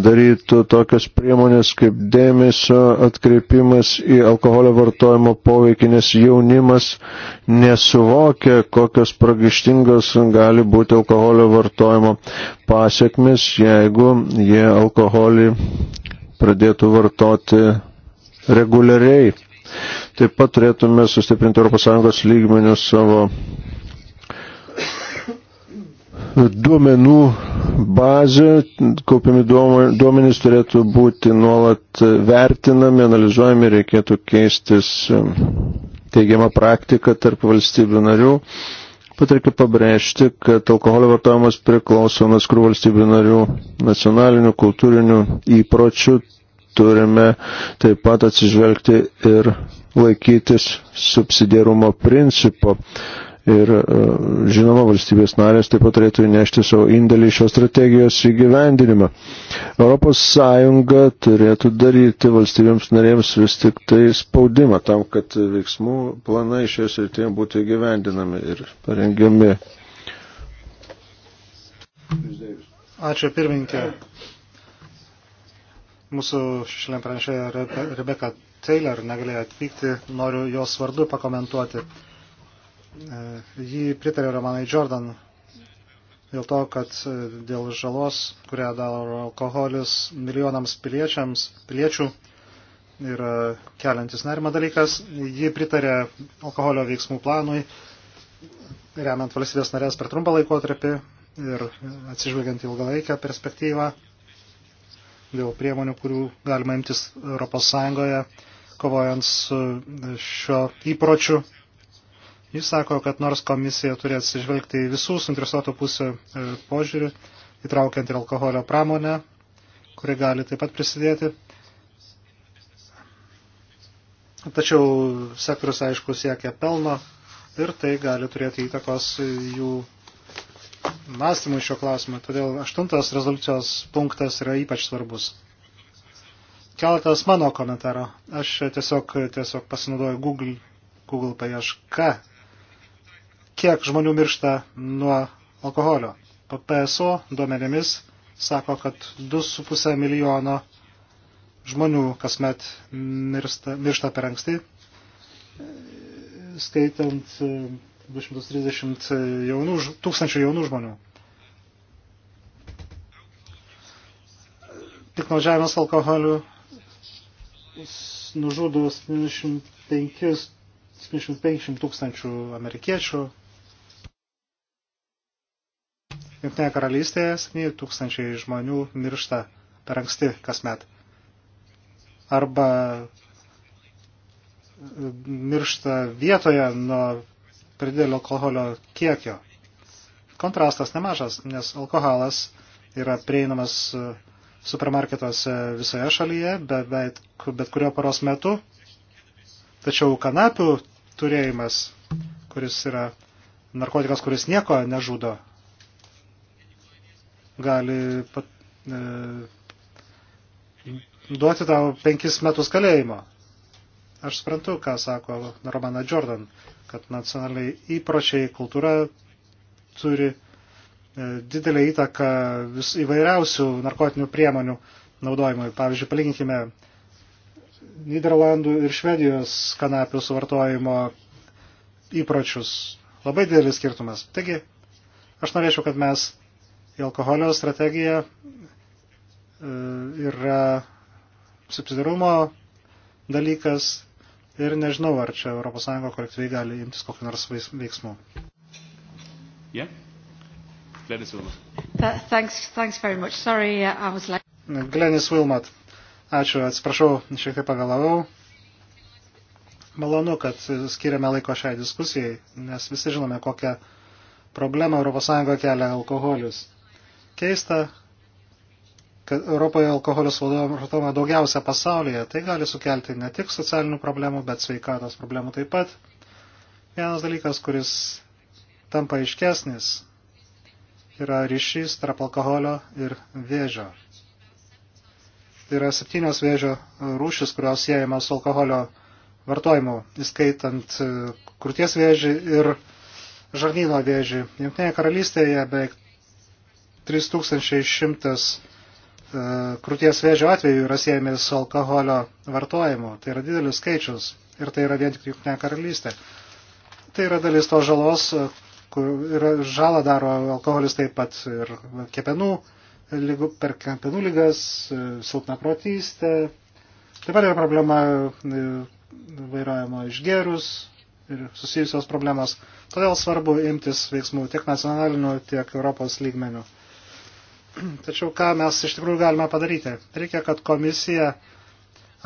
darytų tokios priemonės kaip dėmesio atkreipimas į alkoholio vartojimo poveikį, nes jaunimas nesuvokia, kokios pragištingos gali būti alkoholio vartojimo pasiekmes, jeigu jie alkoholį pradėtų vartoti reguliariai. Taip pat turėtume sustiprinti ES lygmenių savo duomenų bazė, kaupiami duomenys turėtų būti nuolat vertinami, analizuojami, reikėtų keistis um, teigiamą praktiką tarp valstybių narių. Pat reikia pabrėžti, kad alkoholio vartojimas priklauso nuo skrų valstybių narių nacionalinių, kultūrinių įpročių. Turime taip pat atsižvelgti ir laikytis subsidiarumo principo. Ir e, žinoma, valstybės narės taip pat turėtų įnešti savo indėlį šios strategijos įgyvendinimą. Europos Sąjunga turėtų daryti valstybėms narėms vis tik tai spaudimą tam, kad veiksmų planai šioje srityje būtų įgyvendinami ir parengiami. Ačiū pirmininkė. Mūsų šiandien pranešėja Rebeka Taylor negalėjo atvykti, noriu jos vardu pakomentuoti E, jį pritarė Romanai Jordan dėl to, kad e, dėl žalos, kurią daro alkoholis milijonams piliečiams, piliečių, yra keliantis nerima dalykas. Ji pritarė alkoholio veiksmų planui, remiant valstybės narės per trumpą laikotarpį ir atsižvelgiant ilgalaikę perspektyvą dėl priemonių, kurių galima imtis Europos Sąjungoje, kovojant su e, šio įpročiu Jis sako, kad nors komisija turi atsižvelgti į visų suinteresuotų pusių e, požiūrį, įtraukiant ir alkoholio pramonę, kuri gali taip pat prisidėti. Tačiau sektorius, aišku, siekia pelno ir tai gali turėti įtakos jų mąstymui šio klausimo. Todėl aštuntas rezoliucijos punktas yra ypač svarbus. Keletas mano komentaro. Aš tiesiog, tiesiog pasinaudoju Google, Google paieška kiek žmonių miršta nuo alkoholio. PSO duomenimis sako, kad 2,5 milijono žmonių kasmet mirsta, miršta per anksti, skaitant 230 e, jaunų, tūkstančių jaunų žmonių. Piknaudžiavimas alkoholiu nužudo 75 tūkstančių amerikiečių, Junktinėje karalystėje 7 tūkstančiai žmonių miršta per anksti kasmet. Arba e, miršta vietoje nuo per didelio alkoholio kiekio. Kontrastas nemažas, nes alkoholas yra prieinamas e, supermarketuose visoje šalyje, bet, bet, bet kurio paros metu. Tačiau kanapių turėjimas, kuris yra narkotikas, kuris nieko nežudo, gali pat, e, duoti tau penkis metus kalėjimo. Aš suprantu, ką sako Romana Jordan, kad nacionaliai įpročiai, kultūra turi e, didelį įtaką vis įvairiausių narkotinių priemonių naudojimui. Pavyzdžiui, palinkime Niderlandų ir Švedijos kanapių suvartojimo įpročius. Labai didelis skirtumas. Taigi, aš norėčiau, kad mes alkoholio strategija e, yra subsidarumo dalykas ir nežinau, ar čia ES kolektyviai gali imtis kokiu nors veiksmu. Yeah. Glenis Wilmot. Thanks, thanks very much. Sorry, uh, I was late. Glenis Wilmot. Ačiū, atsiprašau, šiek tiek pagalavau. Malonu, kad skiriame laiko šiai diskusijai, nes visi žinome, kokią problemą ES kelia alkoholis keista, kad Europoje alkoholio suvartojama daugiausia pasaulyje. Tai gali sukelti ne tik socialinių problemų, bet sveikatos problemų taip pat. Vienas dalykas, kuris tampa iškesnis, yra ryšys tarp alkoholio ir vėžio. Tai yra septynios vėžio rūšis, kurios siejamas su alkoholio vartojimu, įskaitant e, krūties vėžį ir žarnyno vėžį. Junktinėje karalystėje beveik 3100 e, krūties vėžio atveju yra siejami su alkoholio vartojimu. Tai yra didelis skaičius ir tai yra vien tik jungtinė karalystė. Tai yra dalis to žalos, e, kur yra, žalą daro alkoholis taip pat ir kepenų, lygu, per kepenų lygas, e, silpnaprotystę. Taip pat yra problema vairavimo išgėrus ir susijusios problemos. Todėl svarbu imtis veiksmų tiek nacionalinių, tiek Europos lygmenių. Tačiau ką mes iš tikrųjų galime padaryti? Reikia, kad komisija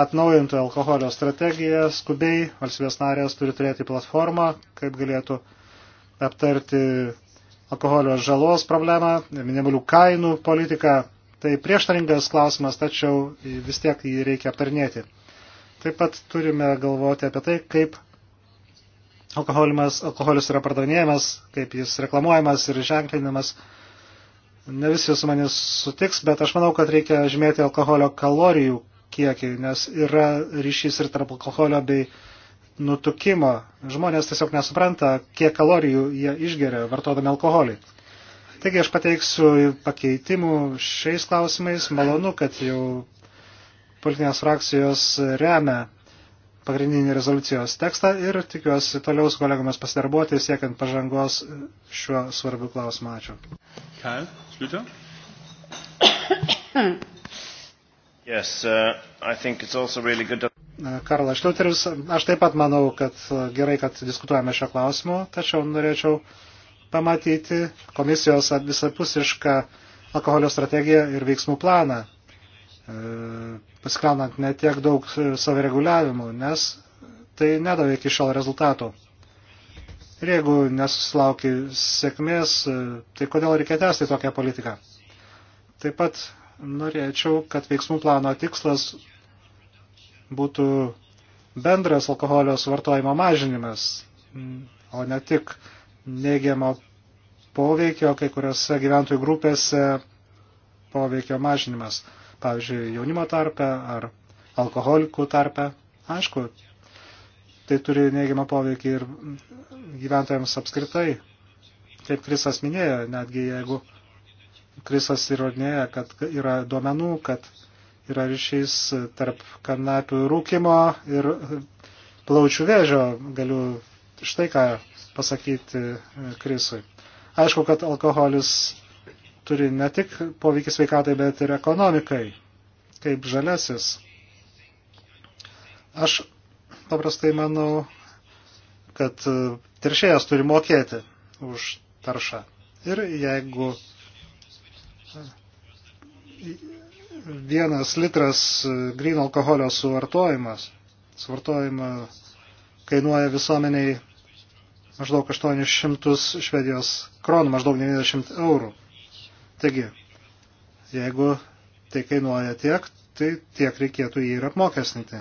atnaujintų alkoholio strategiją, skubiai valstybės narės turi turėti platformą, kaip galėtų aptarti alkoholio žalos problemą, minimalių kainų politiką. Tai prieštaringas klausimas, tačiau vis tiek jį reikia aptarnėti. Taip pat turime galvoti apie tai, kaip alkoholis yra pardavinėjamas, kaip jis reklamuojamas ir ženklinamas Ne visi su manis sutiks, bet aš manau, kad reikia žymėti alkoholio kalorijų kiekį, nes yra ryšys ir tarp alkoholio bei nutukimo. Žmonės tiesiog nesupranta, kiek kalorijų jie išgeria vartodami alkoholį. Taigi aš pateiksiu pakeitimų šiais klausimais. Malonu, kad jau politinės frakcijos remia pagrindinį rezoliucijos tekstą ir tikiuosi toliau su kolegomis pasidarbuoti, siekiant pažangos šiuo svarbiu klausimu. Ačiū. Karl Schlüter. yes, uh, I think it's also really good to... Karlas Šliuteris, aš taip pat manau, kad uh, gerai, kad diskutuojame šio klausimu, tačiau norėčiau pamatyti komisijos visapusišką alkoholio strategiją ir veiksmų planą, e, pasikraunant ne tiek daug e, savireguliavimų, nes tai nedavė iki šiol rezultatų. Ir jeigu nesusilauki sėkmės, e, tai kodėl reikia tęsti tokią politiką? Taip pat norėčiau, kad veiksmų plano tikslas būtų bendras alkoholio suvartojimo mažinimas, o ne tik neigiamo poveikio kai kuriuose gyventojų grupėse poveikio mažinimas, pavyzdžiui, jaunimo tarpe ar alkoholikų tarpe. Aišku, tai turi neigiamą poveikį ir gyventojams apskritai. Kaip Krisas minėjo, netgi jeigu Krisas įrodinėja, kad yra duomenų, kad yra ryšys tarp kanapių rūkimo ir plaučių vėžio, galiu štai ką pasakyti e, Krisui. Aišku, kad alkoholis turi ne tik poveikį sveikatai, bet ir ekonomikai, kaip žalesis. Aš paprastai manau, kad e, teršėjas turi mokėti už taršą. Ir jeigu e, vienas litras e, grino alkoholio suvartojimas, suvartojimą kainuoja visuomeniai maždaug 800 švedijos kronų, maždaug 90 eurų. Taigi, jeigu tai kainuoja tiek, tai tiek reikėtų jį ir apmokestinti.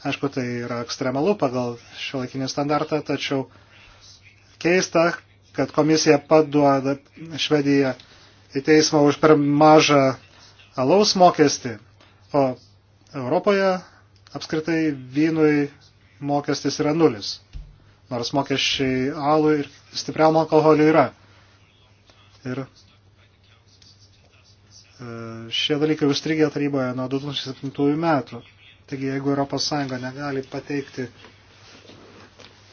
Aišku, tai yra ekstremalu pagal šiuolaikinį standartą, tačiau keista, kad komisija paduoda Švediją į teismą už per mažą alaus mokestį, o Europoje apskritai vynui mokestis yra nulis, nors mokesčiai alui ir stipriam alkoholiui yra. Ir e, šie dalykai užstrigė taryboje nuo 2007 metų. Taigi, jeigu ES negali pateikti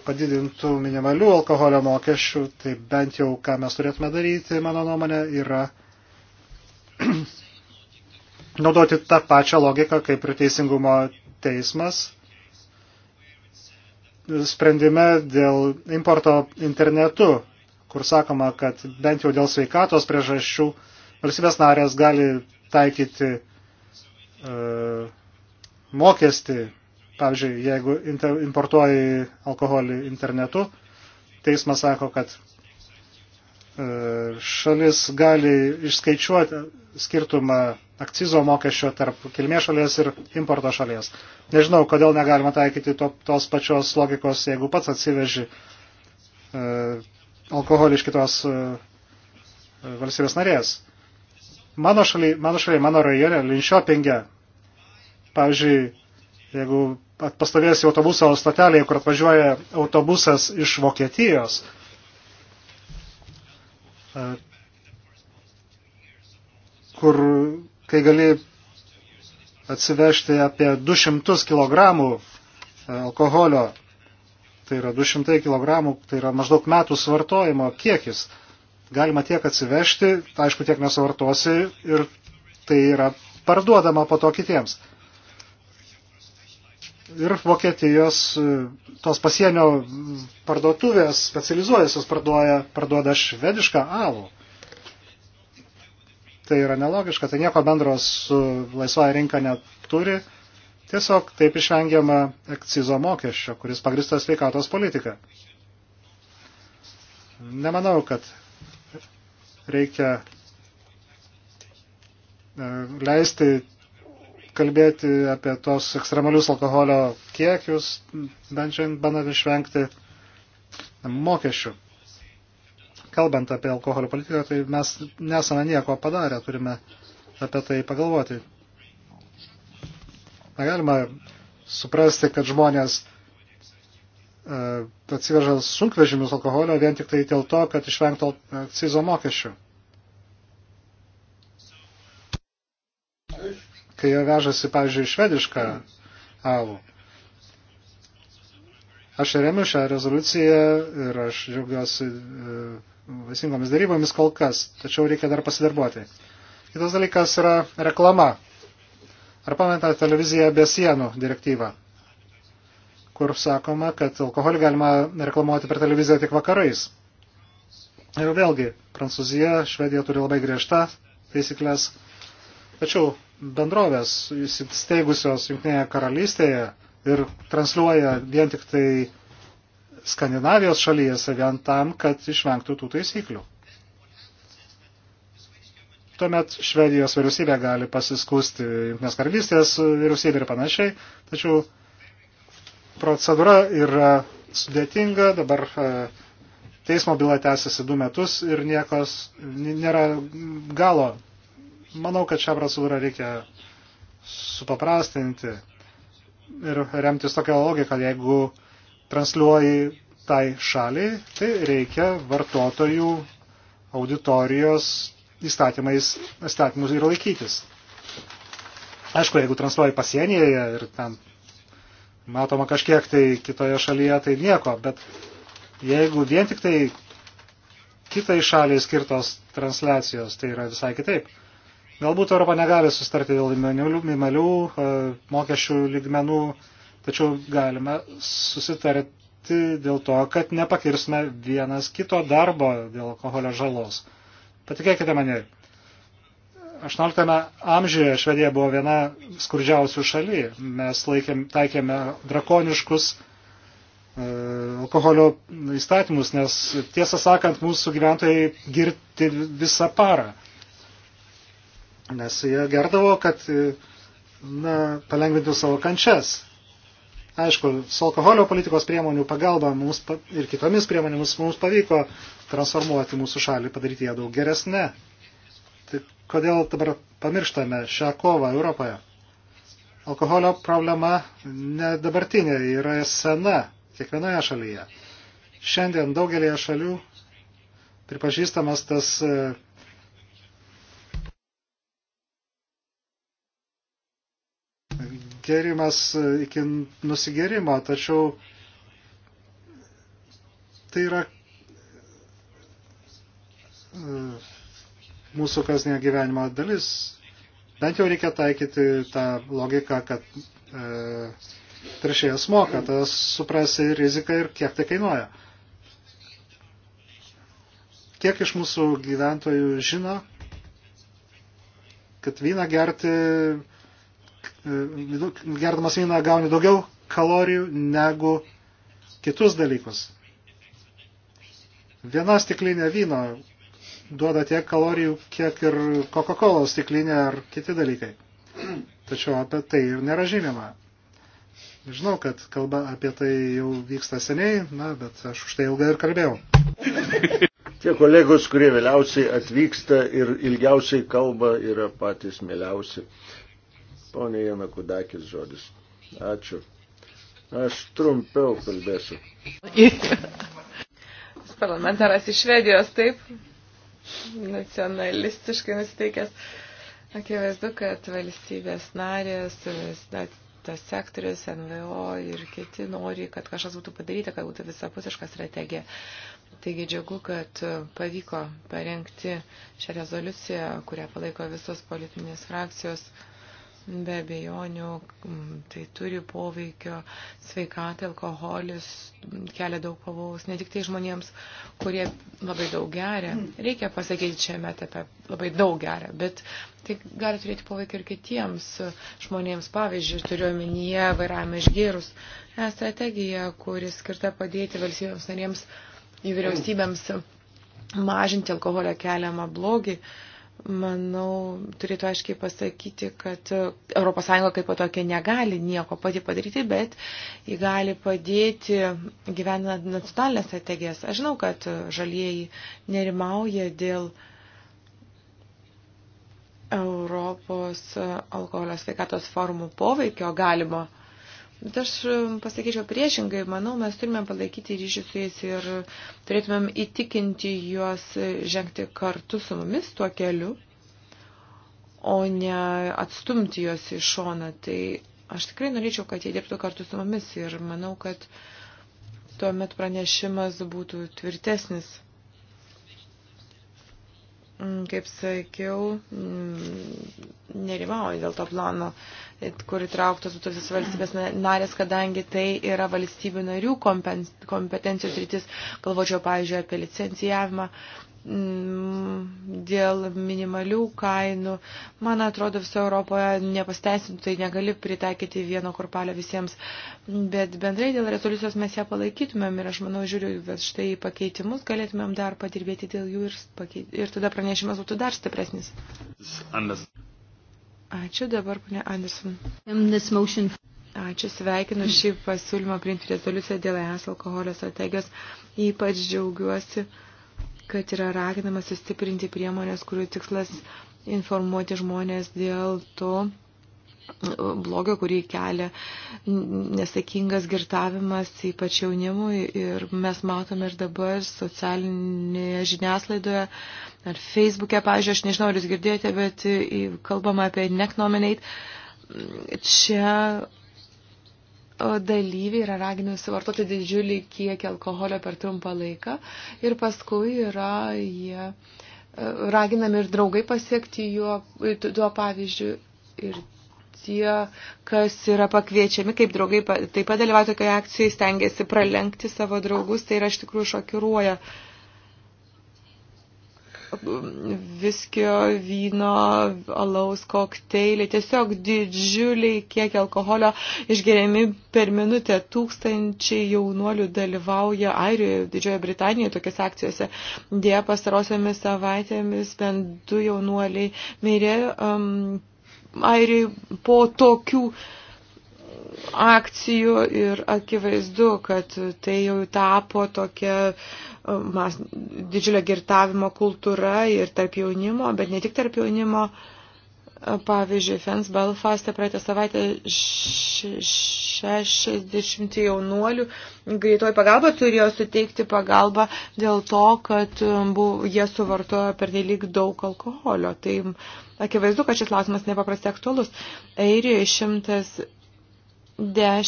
padidintų minimalių alkoholio mokesčių, tai bent jau ką mes turėtume daryti, mano nuomonė, yra [CLEARS THROAT] naudoti tą pačią logiką, kaip ir teisingumo teismas sprendime dėl importo internetu, kur sakoma, kad bent jau dėl sveikatos priežasčių valstybės narės gali taikyti uh, mokestį, pavyzdžiui, jeigu importuoji alkoholį internetu, teismas sako, kad e, šalis gali išskaičiuoti skirtumą akcizo mokesčio tarp kilmės šalies ir importo šalies. Nežinau, kodėl negalima taikyti to, tos pačios logikos, jeigu pats atsiveži e, alkoholį iš kitos e, valstybės narės. Mano šaliai, mano, šaliai, mano rajone, Linšopinge, Pavyzdžiui, jeigu pastovėsi autobuso stotelėje, kur atvažiuoja autobusas iš Vokietijos, e, kur, kai gali atsivežti apie 200 kg e, alkoholio, tai yra 200 kg, tai yra maždaug metų suvartojimo kiekis. Galima tiek atsivežti, aišku, tiek nesuvartosi ir tai yra parduodama po to kitiems ir Vokietijos e, tos pasienio parduotuvės specializuojasios parduoja, parduoda švedišką alų. Tai yra nelogiška, tai nieko bendro su laisvąja rinka neturi. Tiesiog taip išvengiama akcizo mokesčio, kuris pagristas sveikatos politika. Nemanau, kad reikia e, leisti kalbėti apie tos ekstremalius alkoholio kiekius, bandžiant, bandant išvengti mokesčių. Kalbant apie alkoholio politiką, tai mes nesame nieko padarę, turime apie tai pagalvoti. Negalima suprasti, kad žmonės e, atsiveža sunkvežimius alkoholio vien tik tai dėl to, kad išvengtų akcizo mokesčių. kai jie vežasi, pavyzdžiui, švedišką alų. Aš remiu šią rezoliuciją ir aš džiaugiuosi e, vaisingomis darybomis kol kas, tačiau reikia dar pasidarbuoti. Kitas dalykas yra reklama. Ar pamenate televiziją be sienų direktyvą, kur sakoma, kad alkoholį galima reklamuoti per televiziją tik vakarais. Ir vėlgi, Prancūzija, Švedija turi labai griežtą taisyklės. Tačiau bendrovės įsteigusios Junktinėje karalystėje ir transliuoja vien tik tai Skandinavijos šalyse vien tam, kad išvengtų tų taisyklių. Tuomet Švedijos vyriausybė gali pasiskusti Junktinės karalystės vyriausybė ir panašiai, tačiau procedūra yra sudėtinga, dabar e, teismo byla tęsiasi du metus ir niekos nėra galo Manau, kad šią procedūrą reikia supaprastinti ir remtis tokią logiką, jeigu transliuoji tai šaliai, tai reikia vartotojų auditorijos įstatymais, įstatymus ir laikytis. Aišku, jeigu transliuoji pasienyje ir ten matoma kažkiek tai kitoje šalyje, tai nieko, bet jeigu vien tik tai kitai šaliai skirtos transliacijos, tai yra visai kitaip. Galbūt Europa negali sustarti dėl minimalių e, mokesčių lygmenų, tačiau galime susitarti dėl to, kad nepakirsime vienas kito darbo dėl alkoholio žalos. Patikėkite manimi. 18 amžiuje Švedija buvo viena skurdžiausių šaly. Mes laikėm, taikėme drakoniškus e, alkoholio įstatymus, nes tiesą sakant, mūsų gyventojai girti visą parą nes jie gerdavo, kad e, na, palengvintų savo kančias. Aišku, su alkoholio politikos priemonių pagalba mums, ir kitomis priemonėmis mums pavyko transformuoti mūsų šalį, padaryti ją daug geresnę. Tai kodėl dabar pamirštame šią kovą Europoje? Alkoholio problema ne dabartinė, yra sena kiekvienoje šalyje. Šiandien daugelėje šalių pripažįstamas tas e, gėrimas e, iki nusigėrimo, tačiau tai yra e, mūsų kasnė gyvenimo dalis. Bent jau reikia taikyti tą logiką, kad e, teršėjas moka, tas suprasi riziką ir kiek tai kainuoja. Kiek iš mūsų gyventojų žino, kad vyną gerti gerdamas vyną gauni daugiau kalorijų negu kitus dalykus. Viena stiklinė vyno duoda tiek kalorijų, kiek ir Coca-Cola stiklinė ar kiti dalykai. Tačiau apie tai ir nėra žymima. Žinau, kad kalba apie tai jau vyksta seniai, na, bet aš už tai ilgai ir kalbėjau. Tie kolegos, kurie vėliausiai atvyksta ir ilgiausiai kalba, yra patys mėliausi. Pone Jana Kudakis žodis. Ačiū. Aš trumpiau kalbėsiu. Parlamentaras iš Švedijos, taip, nacionalistiškai nusteikęs. Akivaizdu, kad valstybės narės, tas sektorius, NVO ir kiti nori, kad kažkas būtų padaryta, kad būtų visapusiška strategija. Taigi džiugu, kad pavyko parengti šią rezoliuciją, kurią palaiko visos politinės frakcijos. Uh, be abejonių, tai turi poveikio sveikatai, alkoholis kelia daug pavojaus, ne tik tai žmonėms, kurie labai daug geria. Reikia pasakyti šiame etape labai daug geria, bet tai gali turėti poveikį ir kitiems žmonėms. Pavyzdžiui, turiu omenyje vairavimą išgėrus. E strategija, kuri skirta padėti valstybėms narėms, vyriausybėms mažinti alkoholio keliamą blogį. Mm manau, turėtų aiškiai pasakyti, kad ES kaip tokia negali nieko pati padaryti, bet ji gali padėti gyvenant nacionalinės strategijas. Aš žinau, kad žalieji nerimauja dėl Europos alkoholio sveikatos formų poveikio galimo. Bet aš um, pasakyčiau priešingai, manau, mes turime palaikyti ryšį su jais ir turėtumėm įtikinti juos žengti kartu su mumis tuo keliu, o ne atstumti juos į šoną. Tai aš tikrai norėčiau, kad jie dirbtų kartu su mumis ir manau, kad tuomet pranešimas būtų tvirtesnis. Mm, kaip sakiau, mm, nerimauju dėl to plano kur įtrauktos būtų visas valstybės narės, kadangi tai yra valstybių narių kompetencijos rytis, galvočiau, pavyzdžiui, apie licencijavimą mm, dėl minimalių kainų. Man atrodo, viso Europoje nepasteisintų, tai negali pritaikyti vieno kurpalio visiems. Bet bendrai dėl rezoliucijos mes ją palaikytumėm ir aš manau, žiūriu, kad štai pakeitimus galėtumėm dar padirbėti dėl jų ir, pakeit... ir tada pranešimas būtų dar stipresnis. Anders. Ačiū dabar, ponė Anderson. Ačiū sveikinu šį pasiūlymą priimti rezoliuciją dėl ES alkoholio strategijos. Ypač džiaugiuosi, kad yra raginama sustiprinti priemonės, kurių tikslas informuoti žmonės dėl to, blogio, kurį kelia nesakingas girtavimas, ypač jaunimui. Ir mes matome ir dabar socialinėje žiniaslaidoje, ar Facebook'e, pažiūrėjau, aš nežinau, ar jūs girdėjote, bet kalbama apie neknominate. Čia dalyviai yra raginami suvartoti didžiulį kiekį alkoholio per trumpą laiką ir paskui yra jie e, raginami ir draugai pasiekti juo, tuo pavyzdžiu ir tie, kas yra pakviečiami kaip draugai taip pat dalyvauti tokioje akcijoje, stengiasi pralenkti savo draugus, tai yra iš tikrųjų šokiruoja. Viskio, vyno, alaus, kokteiliai, tiesiog didžiuliai kiek alkoholio išgeriami per minutę. Tūkstančiai jaunuolių dalyvauja Airijoje, Didžiojo Britanijoje tokias akcijose. Dėja pastarosiomis savaitėmis bent du jaunuoliai mirė. Um, Airijai po tokių akcijų ir akivaizdu, kad tai jau tapo tokia e, mas, didžiulio girtavimo kultūra ir tarp jaunimo, bet ne tik tarp jaunimo. Uh, Pavyzdžiui, Fens Belfaste praeitą savaitę 60 jaunuolių greitoj pagalba turėjo suteikti pagalbą dėl to, kad um, buv, jie suvartojo per nelik daug alkoholio. Tai um, akivaizdu, kad šis klausimas nepaprastai aktualus. Airijoje 110 e,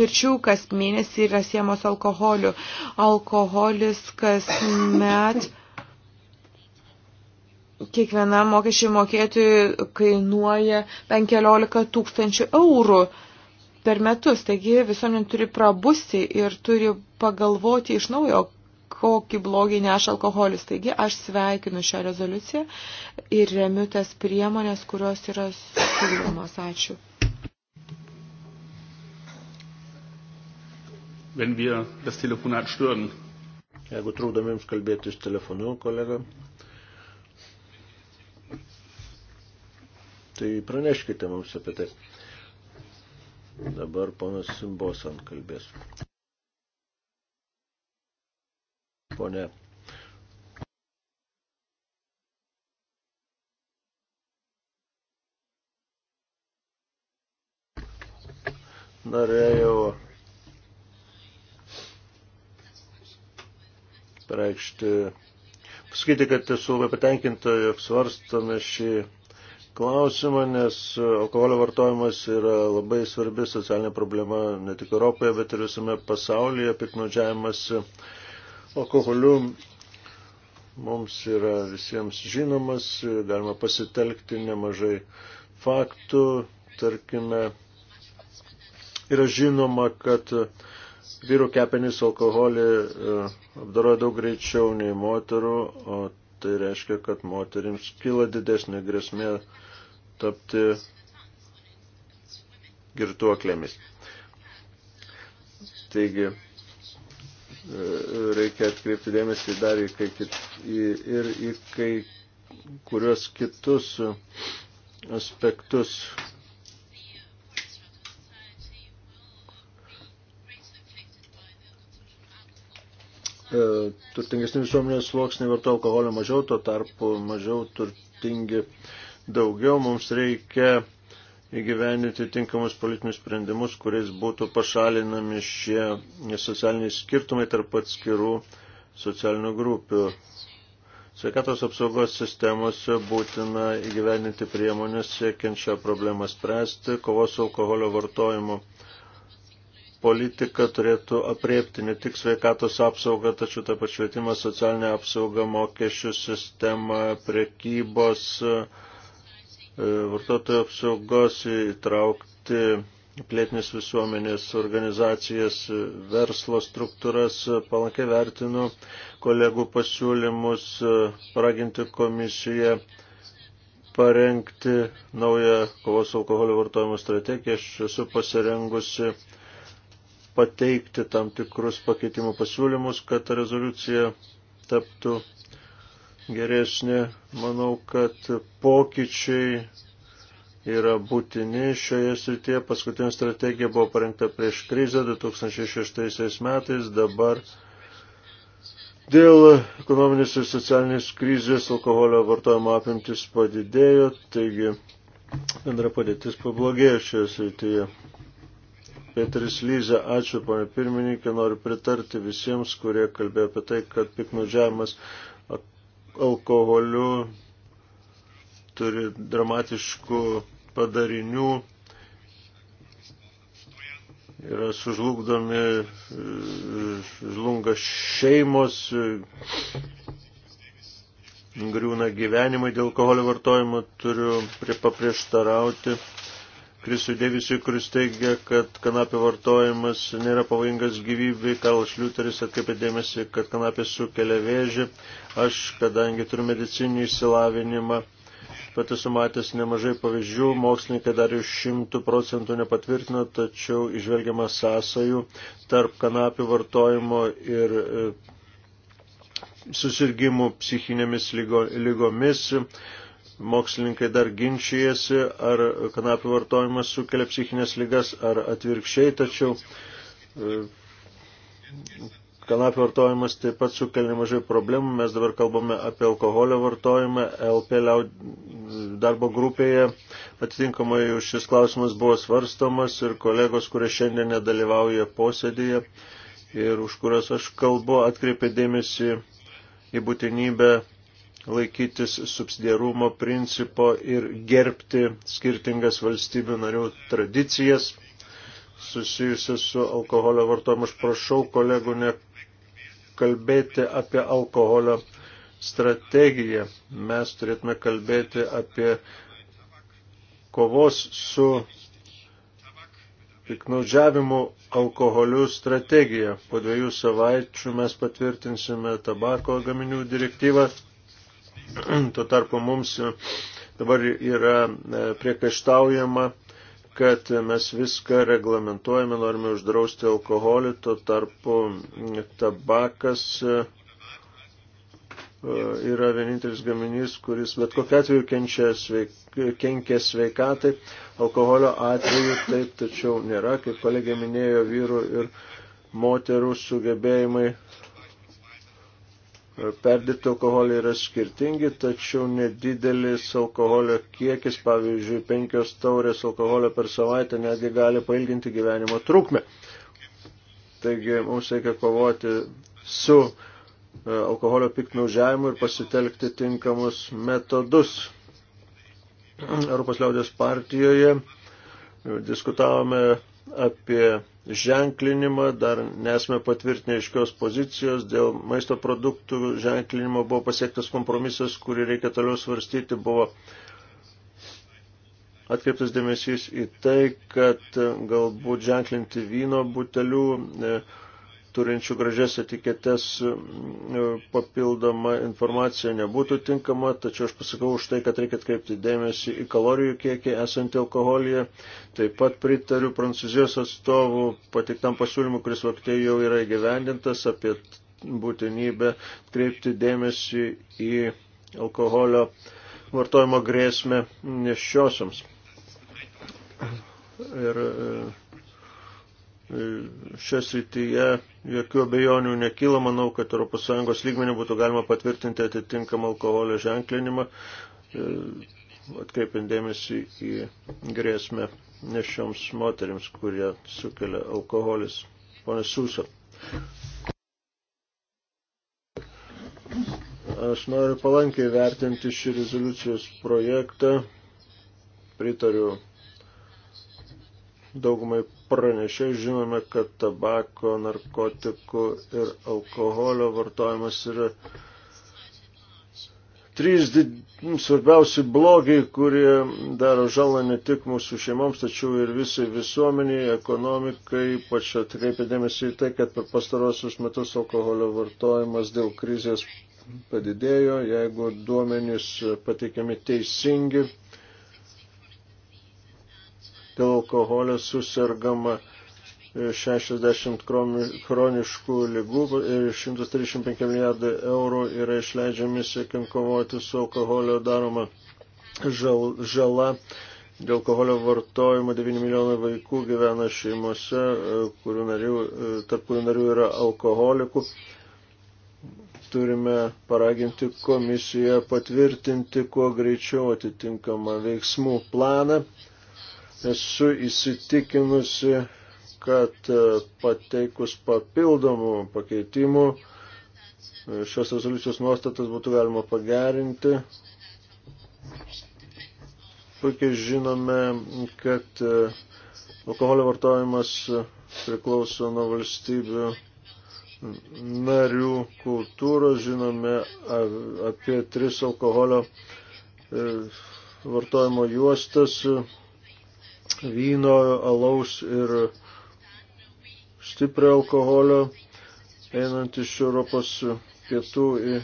mirčių kas mėnesį yra siemos alkoholiu. Alkoholis kas met [LAUGHS] kiekviena mokesčiai mokėtojai kainuoja bent keliolika tūkstančių eurų per metus. Taigi visuomenė turi prabusti ir turi pagalvoti iš naujo, kokį blogį neša alkoholis. Taigi aš sveikinu šią rezoliuciją ir remiu tas priemonės, kurios yra siūlomos. Ačiū. Wenn wir das Telefonat stören. Jeigu trūkdami jums kalbėti iš telefonu, kolega. tai praneškite mums apie tai. Dabar ponas Simbosan kalbės. Pone. Norėjau pareikšti, pasakyti, kad esu labai patenkinta, jog svarstame šį klausimą, nes alkoholio vartojimas yra labai svarbi socialinė problema ne tik Europoje, bet ir visame pasaulyje. Piknaudžiavimas alkoholiu mums yra visiems žinomas, galima pasitelkti nemažai faktų, tarkime, yra žinoma, kad vyrų kepenys alkoholį e, apdaroja daug greičiau nei moterų, o Tai reiškia, kad moterims kyla didesnė grėsmė tapti girtuoklėmis. Taigi, e, reikia atkreipti dėmesį dar į kai kit, į, ir į kai kurios kitus aspektus E, turtingesni visuomenės sluoksniai vartoja alkoholio mažiau, tuo tarpu mažiau turtingi daugiau. Mums reikia įgyveninti tinkamus politinius sprendimus, kuriais būtų pašalinami šie socialiniai skirtumai tarp atskirų socialinių grupių. Sveikatos apsaugos sistemose būtina įgyveninti priemonės siekiant šią problemą spręsti, kovos su alkoholio vartojimu politika turėtų apriepti ne tik sveikatos apsaugą, tačiau tą pačią švietimą, socialinę apsaugą, mokesčių sistemą, prekybos, e, vartotojų apsaugos, įtraukti plėtinės visuomenės organizacijas, verslo struktūras. Palankiai vertinu kolegų pasiūlymus e, paraginti komisiją parengti naują kovos alkoholio vartojimo strategiją. Aš esu pasirengusi pateikti tam tikrus pakeitimų pasiūlymus, kad rezoliucija taptų geresnė. Manau, kad pokyčiai yra būtini šioje srityje. Paskutinė strategija buvo parengta prieš krizę 2006 metais, dabar dėl ekonominės ir socialinės krizės alkoholio vartojimo apimtis padidėjo, taigi bendra padėtis pablogėjo šioje srityje. Peteris Lyza, ačiū, ponė pirmininkė, noriu pritarti visiems, kurie kalbėjo apie tai, kad piknaudžiavimas alkoholiu turi dramatiškų padarinių, yra sužlugdomi, žlunga šeimos, griūna gyvenimai dėl alkoholio vartojimo, turiu prie paprieštarauti Krisui Devisui, kuris teigia, kad kanapio vartojimas nėra pavojingas gyvybei. Karlas Liuteris atkreipė dėmesį, kad kanapė sukelia vėžį. Aš, kadangi turiu medicinį išsilavinimą, pati esu matęs nemažai pavyzdžių, mokslininkai dar iš šimtų procentų nepatvirtino, tačiau išvelgiama sąsajų tarp kanapių vartojimo ir e, susirgymų psichinėmis lygomis. Lygo mokslininkai dar ginčijasi, ar kanapių vartojimas sukelia psichinės lygas, ar atvirkščiai, tačiau e, kanapių vartojimas taip pat sukelia nemažai problemų. Mes dabar kalbame apie alkoholio vartojimą. LP liaud... darbo grupėje atitinkamai šis klausimas buvo svarstomas ir kolegos, kurie šiandien nedalyvauja posėdėje ir už kurias aš kalbu, atkreipė dėmesį į būtinybę laikytis subsidiarumo principo ir gerbti skirtingas valstybių narių tradicijas susijusias su alkoholio vartojimu. Aš prašau kolegų nekalbėti apie alkoholio strategiją. Mes turėtume kalbėti apie kovos su piknaudžiavimu alkoholiu strategiją. Po dviejų savaičių mes patvirtinsime tabako gaminių direktyvą [CLEARS THROAT] Tuo tarpu mums dabar yra e, priekaištaujama, kad mes viską reglamentuojame, norime uždrausti alkoholį, tuo tarpu tabakas e, yra vienintelis gaminys, kuris bet kokiu atveju kenčia sveik, kenkia sveikatai, alkoholio atveju taip, tačiau nėra, kaip kolegė minėjo, vyrų ir moterų sugebėjimai perdėti alkoholį yra skirtingi, tačiau nedidelis alkoholio kiekis, pavyzdžiui, penkios taurės alkoholio per savaitę netgi gali pailginti gyvenimo trukmę. Taigi mums reikia kovoti su e, alkoholio piknaužiavimu ir pasitelkti tinkamus metodus. Europos liaudės partijoje e, diskutavome apie ženklinimą, dar nesame patvirtinę iškios pozicijos, dėl maisto produktų ženklinimo buvo pasiektas kompromisas, kurį reikia toliau svarstyti, buvo atkreiptas dėmesys į tai, kad galbūt ženklinti vyno butelių e, turinčių gražias etiketes e, papildoma informacija nebūtų tinkama, tačiau aš pasakau už tai, kad reikia atkreipti dėmesį į kalorijų kiekį esantį alkoholyje. Taip pat pritariu prancūzijos atstovų patiktam pasiūlymui, kuris vaktai jau yra įgyvendintas apie būtinybę kreipti dėmesį į alkoholio vartojimo grėsmę nešiosiams. Ir e, šias rytyje jokių abejonių nekyla. Manau, kad ES lygmenį būtų galima patvirtinti atitinkamą alkoholio ženklinimą, e, atkreipiant dėmesį į grėsmę nešioms moteriams, kurie sukelia alkoholis. Pone Susa. Aš noriu palankiai vertinti šį rezoliucijos projektą. Pritariu daugumai pranešėjų žinome, kad tabako, narkotikų ir alkoholio vartojimas yra trys did... svarbiausi blogiai, kurie daro žalą ne tik mūsų šeimoms, tačiau ir visai visuomeniai, ekonomikai, ypač atkreipia dėmesį į tai, kad per pastarosius metus alkoholio vartojimas dėl krizės padidėjo, jeigu duomenys pateikiami teisingi dėl alkoholio susirgama 60 e, chroniškų lygų ir 135 milijardai eurų yra išleidžiami siekiant kovoti su alkoholio daroma žal, žala. Dėl alkoholio vartojimo 9 milijonai vaikų gyvena šeimose, e, kurių narių, e, tarp kurių narių yra alkoholikų. Turime paraginti komisiją patvirtinti kuo greičiau atitinkamą veiksmų planą Esu įsitikinusi, kad e, pateikus papildomų pakeitimų e, šios rezoliucijos nuostatas būtų galima pagerinti. Puikiai žinome, kad e, alkoholio vartojimas priklauso nuo valstybių narių kultūros. Žinome apie tris alkoholio vartojimo juostas vyno, alaus ir stiprio alkoholio, einant iš Europos pietų į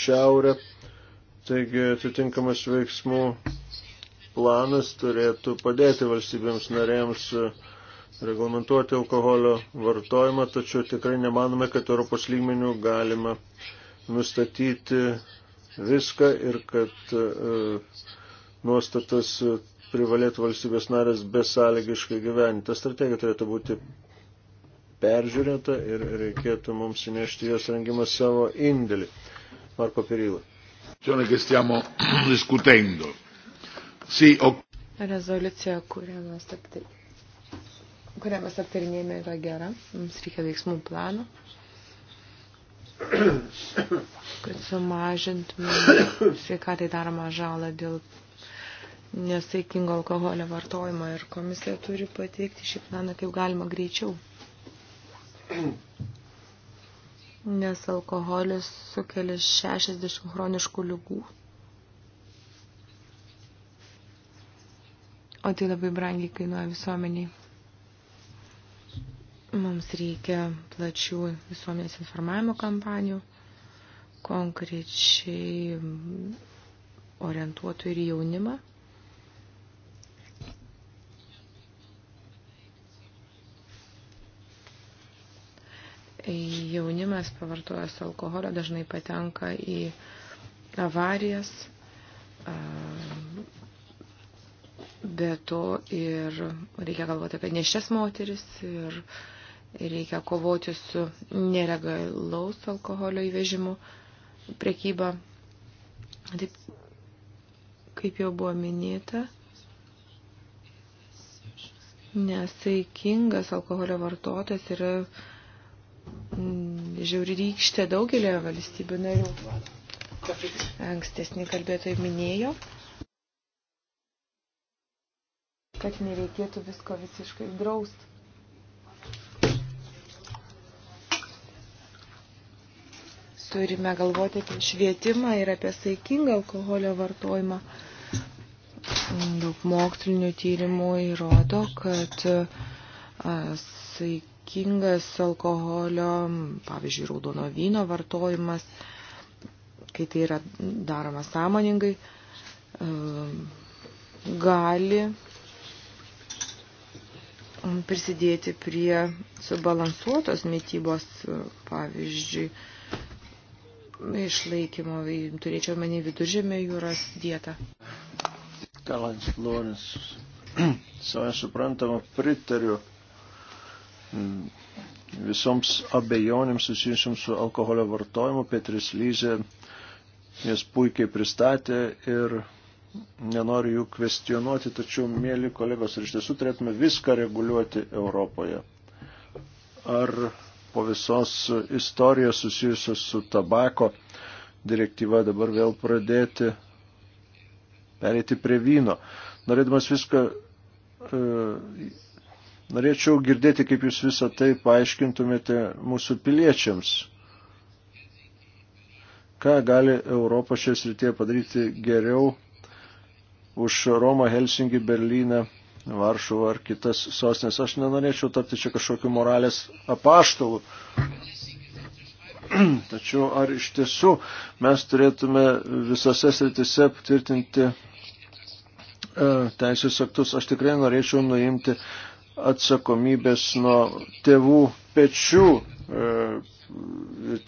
šiaurę. Taigi atitinkamas veiksmų planas turėtų padėti valstybėms narėms reglamentuoti alkoholio vartojimą, tačiau tikrai nemanome, kad Europos lygmenių galima nustatyti viską ir kad e, nuostatas privalėtų valstybės narės besąlygiškai gyventi. Ta strategija turėtų būti peržiūrėta ir reikėtų mums įnešti jos rengimą savo indėlį. Marko Pirilą. Rezoliucija, kurią mes, aptar... kurią mes aptarinėjame, yra gera. Mums reikia veiksmų plano, kad sumažintume [COUGHS] sveikatai daromą žalą dėl nesaikingo alkoholio vartojimą ir komisija turi pateikti šį planą kaip galima greičiau. Nes alkoholis sukelia 60 chroniškų lygų. O tai labai brangiai kainuoja visuomeniai. Mums reikia plačių visuomenės informavimo kampanijų, konkrečiai orientuotų ir jaunimą. jaunimas pavartojęs alkoholio dažnai patenka į avarijas, be to ir reikia galvoti apie nešes moteris ir reikia kovoti su nelegalaus alkoholio įvežimu prekyba. Taip, kaip jau buvo minėta, nesaikingas alkoholio vartotojas yra Mm, žiauri rykštė daugelio valstybių narių. Ankstesni kalbėtojai minėjo, kad nereikėtų visko visiškai drausti. Turime galvoti apie švietimą ir apie saikingą alkoholio vartojimą. Daug mokslinių tyrimų įrodo, kad saik rizikingas alkoholio, pavyzdžiui, raudono vyno vartojimas, kai tai yra daroma sąmoningai, ehm, gali prisidėti prie subalansuotos mytybos, pavyzdžiui, išlaikymo, tai turėčiau menį viduržėmio jūros dietą. Kalans Loris, [CLEARS THROAT] savai suprantama, pritariu Mm. visoms abejonėms susijusiams su alkoholio vartojimu. Petris Lyze jas puikiai pristatė ir nenoriu jų kvestionuoti, tačiau, mėly kolegos, ir iš tiesų turėtume viską reguliuoti Europoje. Ar po visos istorijos susijusios su tabako direktyva dabar vėl pradėti perėti prie vyno. Norėdamas viską e, Norėčiau girdėti, kaip jūs visą tai paaiškintumėte mūsų piliečiams. Ką gali Europą šioje srityje padaryti geriau už Romą, Helsingį, Berliną, Varšuvą ar kitas sostinės. Aš nenorėčiau tapti čia kažkokiu moralės apaštalu. [CLEARS THROAT] Tačiau ar iš tiesų mes turėtume visose sritise tvirtinti e, teisės aktus, aš tikrai norėčiau nuimti atsakomybės nuo tėvų pečių. E,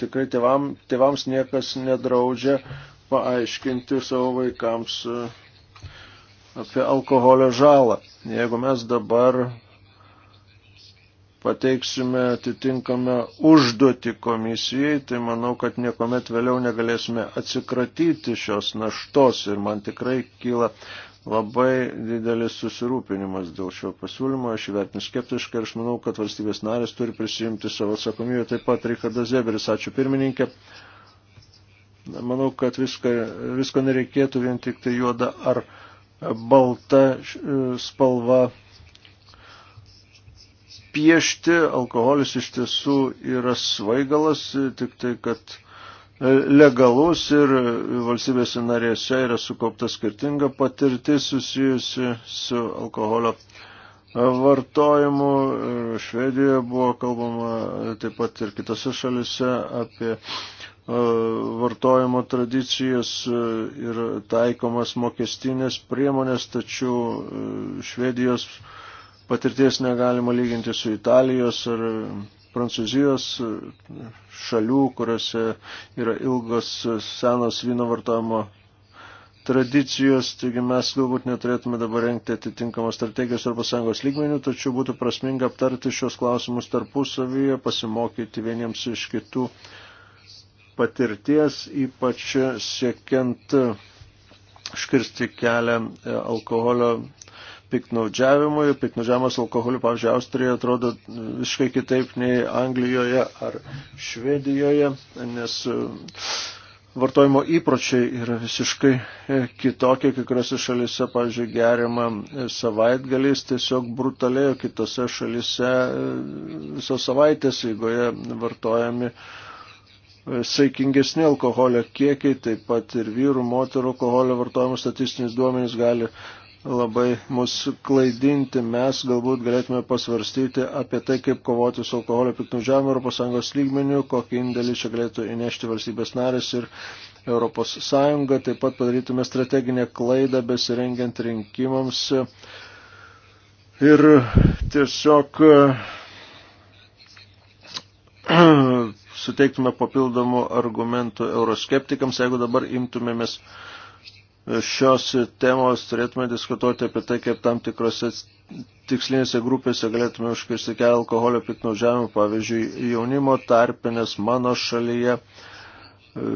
tikrai tėvam, tėvams niekas nedraudžia paaiškinti savo vaikams e, apie alkoholio žalą. Jeigu mes dabar pateiksime atitinkamą užduotį komisijai, tai manau, kad niekuomet vėliau negalėsime atsikratyti šios naštos ir man tikrai kyla labai didelis susirūpinimas dėl šio pasiūlymo. Aš įvertinu skeptiškai ir aš manau, kad valstybės narės turi prisijimti savo atsakomybę. Taip pat Richardas Zeberis, ačiū pirmininkė. Manau, kad viską, visko nereikėtų vien tik tai juoda ar balta e, spalva piešti. Alkoholis iš tiesų yra svaigalas, tik tai, kad E, legalus ir valstybėse narėse yra sukaupta skirtinga patirtis susijusi su alkoholio vartojimu. Švedijoje buvo kalbama taip pat ir kitose šalise apie e, vartojimo tradicijas ir taikomas mokestinės priemonės, tačiau e, Švedijos patirties negalima lyginti su Italijos ar Prancūzijos e, šalių, kuriuose yra ilgos senos vyno vartojimo tradicijos, taigi mes galbūt neturėtume dabar renkti atitinkamos strategijos arba sąjungos lygmenių, tačiau būtų prasminga aptarti šios klausimus tarpusavyje, pasimokyti vieniems iš kitų patirties, ypač siekiant škirsti kelią e, alkoholio piknaudžiavimui. Piknaudžiavimas alkoholiu, pavyzdžiui, Austrijoje atrodo visiškai kitaip nei Anglijoje ar Švedijoje, nes e, vartojimo įpročiai yra visiškai e, kitokie. Kai kuriuose šalise, pavyzdžiui, geriama e, savaitgaliais tiesiog brutalėjo, kitose šalise visos savaitės eigoje vartojami saikingesni alkoholio kiekiai, taip pat ir vyrų, moterų alkoholio vartojimo statistinis duomenys gali labai mus klaidinti. Mes galbūt galėtume pasvarstyti apie tai, kaip kovoti su alkoholio piknaudžiavimu ES lygmeniu, kokį indėlį čia galėtų įnešti valstybės narės ir ES. Taip pat padarytume strateginę klaidą besirengiant rinkimams. Ir tiesiog [CLEARS THROAT] suteiktume papildomų argumentų euroskeptikams, jeigu dabar imtumėmės uh, šios temos turėtume diskutuoti apie tai, kaip tam tikrose tikslinėse grupėse galėtume užkirsti kelią alkoholio piknaudžiavimą, pavyzdžiui, jaunimo tarpe, nes mano šalyje e,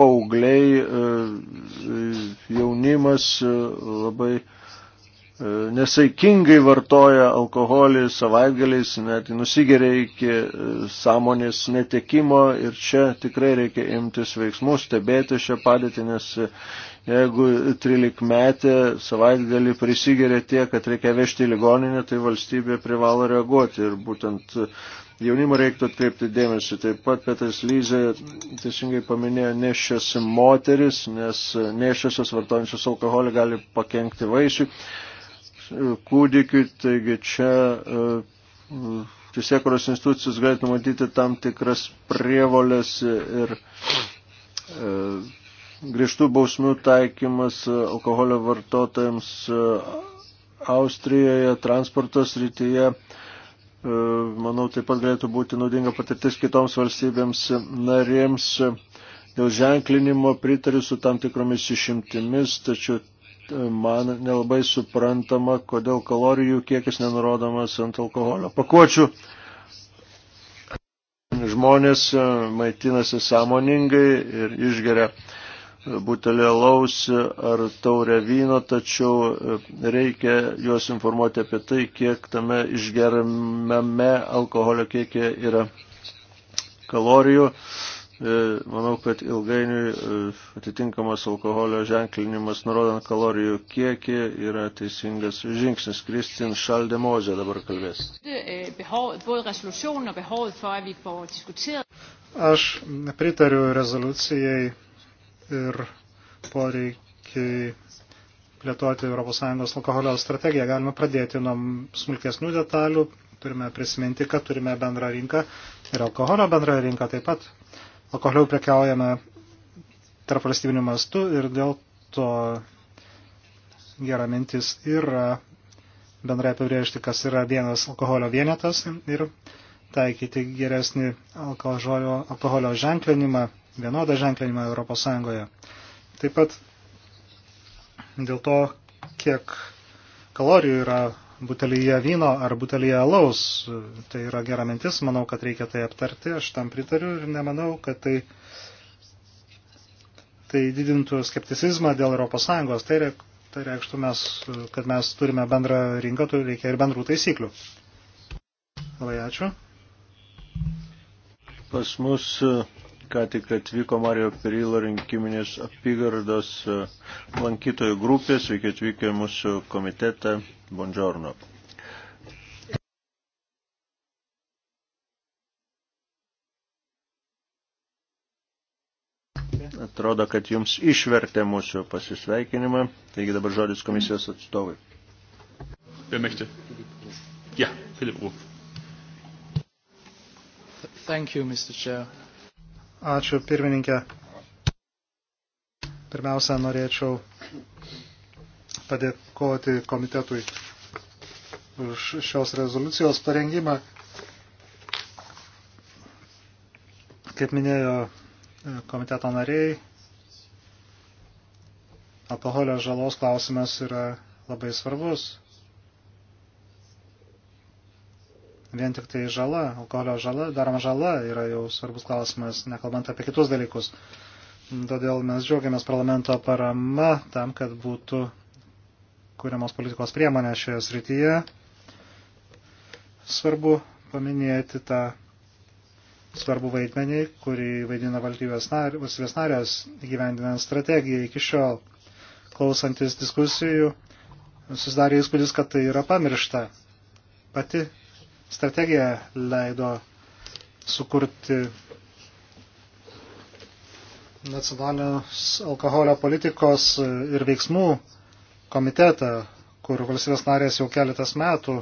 paaugliai e, e, jaunimas labai E, nesaikingai vartoja alkoholį savaitgaliais, net nusigeria iki e, sąmonės netekimo ir čia tikrai reikia imtis veiksmų, stebėti šią padėtį, nes jeigu 13 metė savaitgalį prisigeria tie, kad reikia vežti į ligoninę, tai valstybė privalo reaguoti ir būtent jaunimo reiktų atkreipti dėmesį. Taip pat Petras Lyzė teisingai paminėjo nešias moteris, nes nešiasios vartojančios alkoholį gali pakengti vaisiui kūdikiui, taigi čia e, teisėkuros institucijos galite matyti tam tikras prievolės ir e, griežtų bausmių taikymas alkoholio vartotojams e, Austrijoje, transporto srityje. E, manau, taip pat galėtų būti naudinga patirtis kitoms valstybėms narėms. Dėl ženklinimo pritariu su tam tikromis išimtimis, tačiau man nelabai suprantama, kodėl kalorijų kiekis nenurodomas ant alkoholio. Pakuočių žmonės maitinasi sąmoningai ir išgeria butelį alaus ar taurę vyno, tačiau reikia juos informuoti apie tai, kiek tame išgeriamame alkoholio kiekė yra kalorijų. E, manau, kad ilgainiui e, atitinkamas alkoholio ženklinimas, nurodant kalorijų kiekį, yra teisingas žingsnis. Kristin Šaldemozė dabar kalbės. E, Aš pritariu rezoliucijai ir poreikiai plėtoti ES alkoholio strategiją. Galima pradėti nuo smulkesnių detalių. Turime prisiminti, kad turime bendrą rinką ir alkoholio bendrą rinką taip pat alkoholiu prekiaujame tarp valstybinių mastų ir dėl to gera mintis yra bendrai apibrėžti, kas yra vienas alkoholio vienetas ir taikyti geresnį alkoholio, alkoholio ženklinimą, vienodą ženklinimą Europos Sąjungoje. Taip pat dėl to, kiek kalorijų yra butelyje vyno ar butelyje alaus. Tai yra gera mintis, manau, kad reikia tai aptarti, aš tam pritariu ir nemanau, kad tai, tai didintų skepticizmą dėl ES. Tai, reik, tai reikštų, mes, kad mes turime bendrą rinką, tai reikia ir bendrų taisyklių. Labai ačiū. Pas mus ką tik atvyko Mario Perilo rinkiminės apygardos e, lankytojų grupės, sveiki atvykę mūsų komitetą, buongiorno. Atrodo, kad jums išvertė mūsų pasisveikinimą, taigi dabar žodis komisijos atstovai. Wer möchte? Ja, Philipp Ruf. Thank you, Mr. Chair. Ačiū pirmininkė. Pirmiausia, norėčiau padėkoti komitetui už šios rezoliucijos parengimą. Kaip minėjo e, komiteto nariai, alkoholio žalos klausimas yra labai svarbus. vien tik tai žala, alkoholio žala, daroma žala yra jau svarbus klausimas, nekalbant apie kitus dalykus. Todėl mes džiaugiamės parlamento parama tam, kad būtų kuriamos politikos priemonės šioje srityje. Svarbu paminėti tą svarbu vaidmenį, kurį vaidina valstybės narės įgyvendinant strategiją iki šiol. Klausantis diskusijų, susidarė įspūdis, kad tai yra pamiršta. Pati strategija leido sukurti nacionalinės alkoholio politikos ir veiksmų komitetą, kur valstybės narės jau keletas metų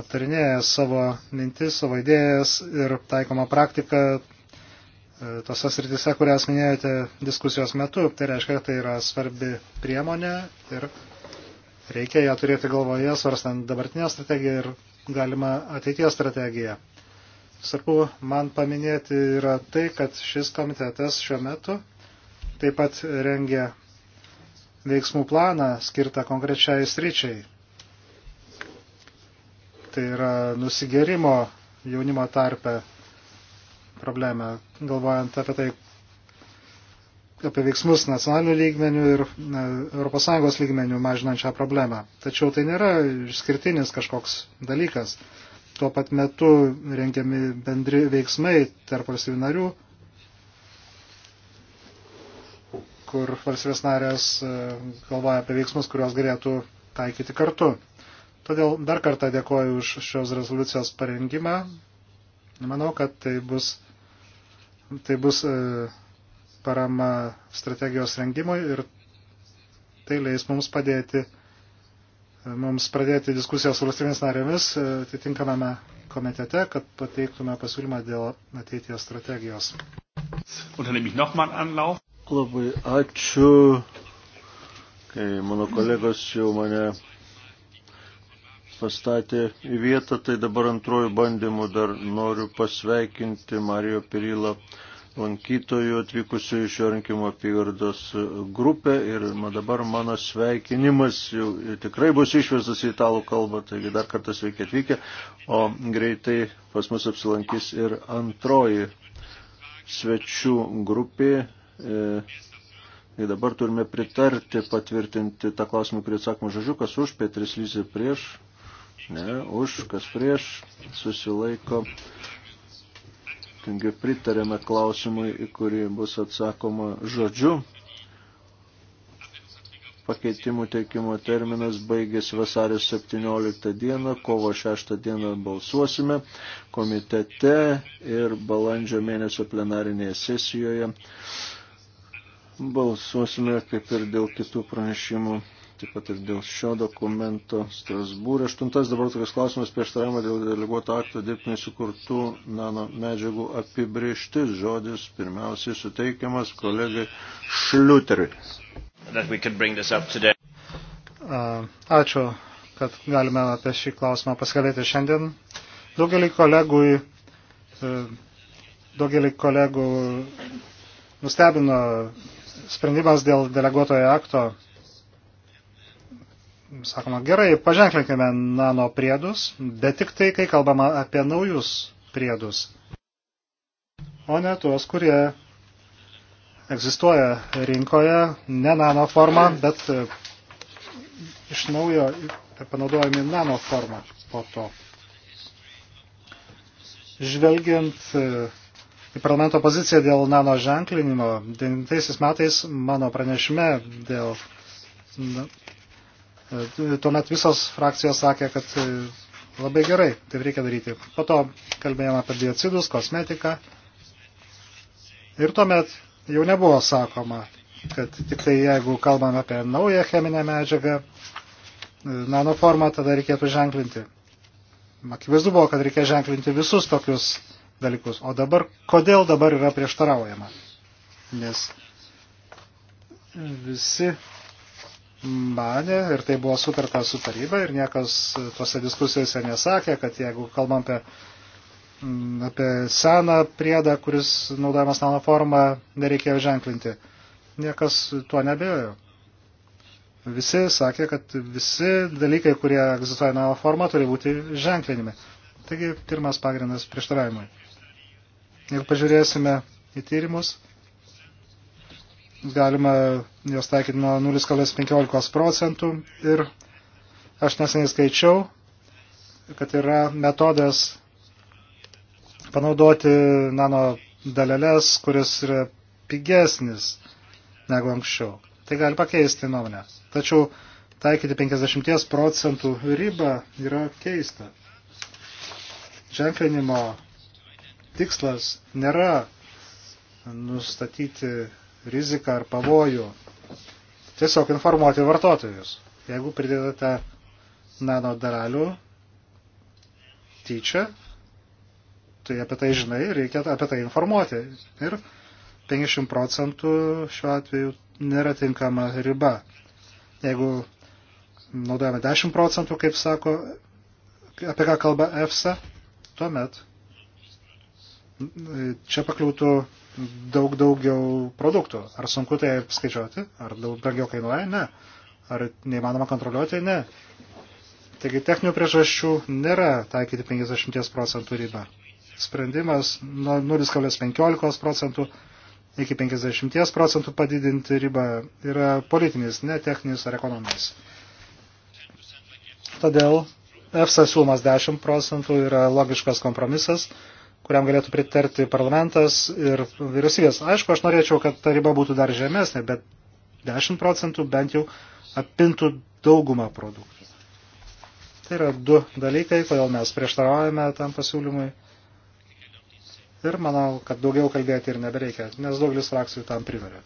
aptarinėja savo mintis, savo idėjas ir taikomą praktiką e, tose sritise, kurias minėjote diskusijos metu. Tai reiškia, kad tai yra svarbi priemonė ir reikia ją turėti galvoje, svarstant dabartinę strategiją ir galima ateities strategija. Svarbu man paminėti yra tai, kad šis komitetas šiuo metu taip pat rengia veiksmų planą skirtą konkrečiai sričiai. Tai yra nusigerimo jaunimo tarpe problemą, galvojant apie tai, apie veiksmus nacionalinių lygmenių ir ES lygmenių mažinančią problemą. Tačiau tai nėra išskirtinis kažkoks dalykas. Tuo pat metu rengiami bendri veiksmai tarp valstybių narių, kur valstybės narės e, galvoja apie veiksmus, kuriuos galėtų taikyti kartu. Todėl dar kartą dėkoju už šios rezoliucijos parengimą. Manau, kad tai bus, tai bus e, parama strategijos rengimui ir tai leis mums padėti, mums pradėti diskusijas su valstybės narėmis e, atitinkamame komitete, kad pateiktume pasiūlymą dėl ateities strategijos. Labai ačiū, kai mano kolegos jau mane pastatė į vietą, tai dabar antrojų bandymų dar noriu pasveikinti Marijo Pirilo lankytojų atvykusių iš jo rinkimo apygardos grupę ir dabar mano sveikinimas jau tikrai bus išverstas į italų kalbą, taigi dar kartą sveiki atvykę, o greitai pas mus apsilankys ir antroji svečių grupė. E, ir tai dabar turime pritarti, patvirtinti tą klausimą, kurį atsakoma žodžiu, kas už, Petris Lysi prieš, ne, už, kas prieš, susilaiko Taigi pritarėme klausimui, į kurį bus atsakoma žodžiu. Pakeitimų teikimo terminas baigėsi vasario 17 dieną, kovo 6 dieną balsuosime komitete ir balandžio mėnesio plenarinėje sesijoje balsuosime kaip ir dėl kitų pranešimų taip pat ir dėl šio dokumento Strasbūrė. Aštuntas dabar tokias klausimas prieštaravimo dėl deleguoto akto dirbtinai sukurtų nano medžiagų apibrieštis žodis pirmiausiai suteikiamas kolegai Šliuteriui. Ačiū, kad galime apie šį klausimą paskalėti šiandien. Daugelį kolegų, e, daugelį kolegų nustebino sprendimas dėl deleguotojo akto sakoma, gerai, paženklinkime nano priedus, bet tik tai, kai kalbama apie naujus priedus, o ne tuos, kurie egzistuoja rinkoje, ne nano forma, bet e, iš naujo panaudojami nano forma po to. Žvelgiant e, į parlamento poziciją dėl nano ženklinimo, 9 metais mano pranešime dėl E, tuomet visos frakcijos sakė, kad e, labai gerai, tai reikia daryti. Po to kalbėjome apie biocidus, kosmetiką. Ir tuomet jau nebuvo sakoma, kad tik tai jeigu kalbame apie naują cheminę medžiagą, e, nanoformą, tada reikėtų ženklinti. Akivaizdu buvo, kad reikia ženklinti visus tokius dalykus. O dabar, kodėl dabar yra prieštaraujama? Nes visi mane, ir tai buvo sutarta su taryba, ir niekas tose diskusijose nesakė, kad jeigu kalbam apie, mm, apie seną priedą, kuris naudojamas nano formą, nereikėjo ženklinti. Niekas tuo nebėjo. Visi sakė, kad visi dalykai, kurie egzistuoja nano forma, turi būti ženklinimi. Taigi pirmas pagrindas prieštaravimui. Jeigu pažiūrėsime į tyrimus, galima jos taikyti nuo 0,15 procentų ir aš neseniai skaičiau, kad yra metodas panaudoti nano dalelės, kuris yra pigesnis negu anksčiau. Tai gali pakeisti nuomonę. Tačiau taikyti 50 procentų ribą yra keista. Ženklinimo tikslas nėra nustatyti riziką ar pavojų. Tiesiog informuoti vartotojus. Jeigu pridedate nano dalelių tyčia, tai apie tai žinai, reikia apie tai informuoti. Ir 50 procentų šiuo atveju nėra tinkama riba. Jeigu naudojame 10 procentų, kaip sako, apie ką kalba EFSA, tuomet čia pakliūtų daug daugiau produktų. Ar sunku tai apskaičiuoti? Ar daug brangiau kainuoja? Ne. Ar neįmanoma kontroliuoti? Ne. Taigi techninių priežasčių nėra taikyti 50 procentų ribą. Sprendimas nuo 0,15 procentų iki 50 procentų padidinti ribą yra politinis, ne techninis ar ekonominis. Todėl EFSA siūlomas 10 procentų yra logiškas kompromisas, kuriam galėtų pritarti parlamentas ir vyriausybės. Aišku, aš norėčiau, kad ta riba būtų dar žemesnė, bet 10 procentų bent jau apintų daugumą produktų. Tai yra du dalykai, kodėl mes prieštaraujame tam pasiūlymui. Ir manau, kad daugiau kalbėti ir nebereikia, nes daugelis frakcijų tam pritarė.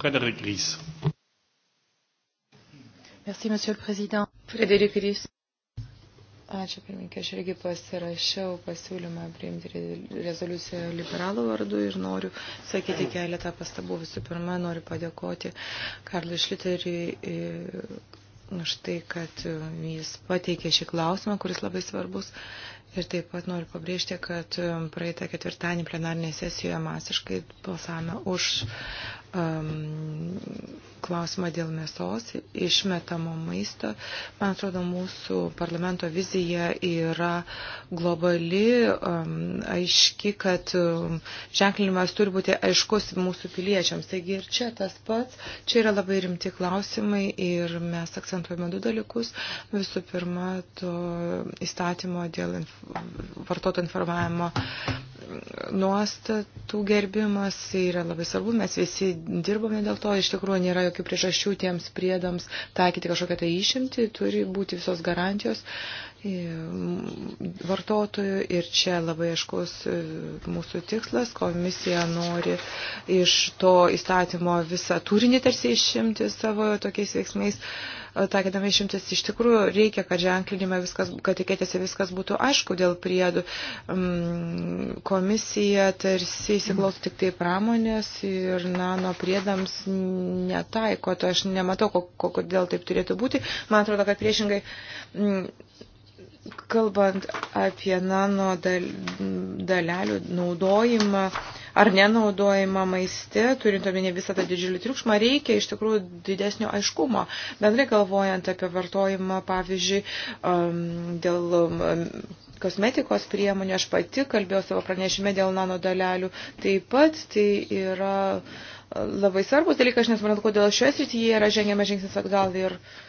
Frédéric Ries. Merci, Monsieur le Président. Frédéric Ries. Ačiū, pirmininkė, aš irgi pasirašiau pasiūlymą priimti rezoliuciją liberalų vardu ir noriu sakyti keletą pastabų. Visų pirma, noriu padėkoti Karlui Šliteriui e, už tai, kad e, jis pateikė šį klausimą, kuris labai svarbus. Ir taip pat noriu pabrėžti, kad e, praeitą ketvirtadienį plenarinėje sesijoje masiškai balsavome už um, klausimą dėl mėsos, išmetamo maisto. Man atrodo, mūsų parlamento vizija yra globali, um, aiški, kad um, ženklinimas turi būti aiškus mūsų piliečiams. Taigi ir čia tas pats, čia yra labai rimti klausimai ir mes akcentuojame du dalykus. Visų pirma, to įstatymo dėl vartoto informavimo nuostatų gerbimas yra labai svarbu, mes visi dirbame dėl to, iš tikrųjų nėra jokių priežasčių tiems priedams taikyti kažkokią tai išimtį, turi būti visos garantijos. Uh, Mm, vartotojų ir čia labai aiškus e, mūsų tikslas. Komisija nori iš to įstatymo visą turinį tarsi išimti savo tokiais veiksmais. E, taikydami išimtis iš tikrųjų reikia, kad ženklinime viskas, kad tikėtėsi viskas būtų aišku dėl priedų. Mm, komisija tarsi įsiklauso tik tai pramonės ir nano priedams netaiko. To aš nematau, kodėl taip turėtų būti. Man atrodo, kad priešingai mm, kalbant apie nano dal, dalelių naudojimą ar nenaudojimą maiste, turint omenyje visą tą didžiulį triukšmą, reikia iš tikrųjų didesnio aiškumo. Bendrai galvojant apie vartojimą, pavyzdžiui, um, dėl um, kosmetikos priemonių, aš pati kalbėjau savo pranešime dėl nano dalelių, taip pat tai yra uh, labai svarbus dalykas, aš nesuprantu, kodėl šioje srityje yra žengiama žingsnis atgal ir. Uh,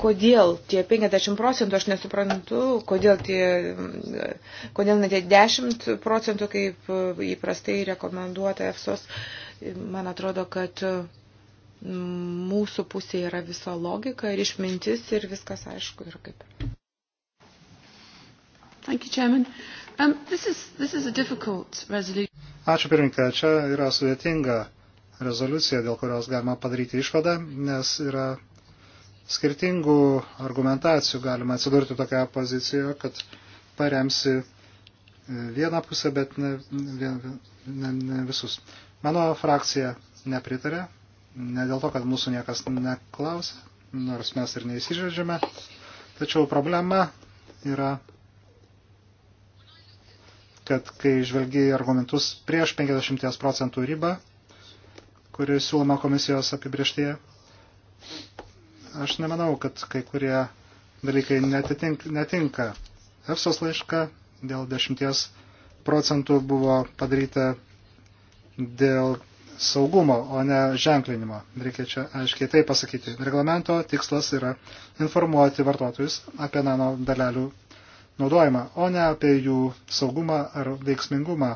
kodėl tie 50 procentų, aš nesuprantu, kodėl, tie, kodėl net tie 10 procentų, kaip įprastai rekomenduota EFSOS, man atrodo, kad mūsų pusėje yra visa logika ir išmintis ir viskas aišku ir kaip. Thank you, Chairman. Um, this is, this is a difficult resolution. Ačiū pirmininkė, čia yra sudėtinga rezoliucija, dėl kurios galima padaryti išvadą, nes yra skirtingų argumentacijų galima atsidurti tokią poziciją, kad paremsi e, vieną pusę, bet ne, ne, ne, ne visus. Mano frakcija nepritarė, ne dėl to, kad mūsų niekas neklausė, nors mes ir neįsižeidžiame, tačiau problema yra kad kai žvelgi argumentus prieš 50 procentų ribą, kuri siūloma komisijos apibrieštyje, Aš nemanau, kad kai kurie dalykai netitink, netinka. EFSOS laiška dėl 10 procentų buvo padaryta dėl saugumo, o ne ženklinimo. Reikia čia aiškiai tai pasakyti. Reglamento tikslas yra informuoti vartotojus apie nano dalelių naudojimą, o ne apie jų saugumą ar veiksmingumą.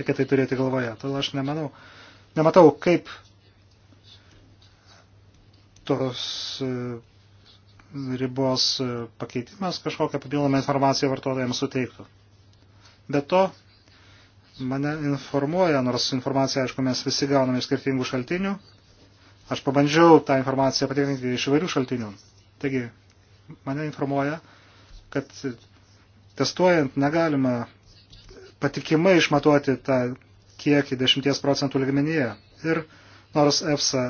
Reikia tai turėti galvoje. Todėl aš nemanau, nematau, kaip tos e, ribos e, pakeitimas kažkokią papildomą informaciją vartotojams suteiktų. Be to, mane informuoja, nors informaciją, aišku, mes visi gauname iš skirtingų šaltinių. Aš pabandžiau tą informaciją patikrinti iš įvairių šaltinių. Taigi, mane informuoja, kad testuojant negalima patikimai išmatuoti tą kiekį 10 procentų lygmenyje. Ir nors EFSA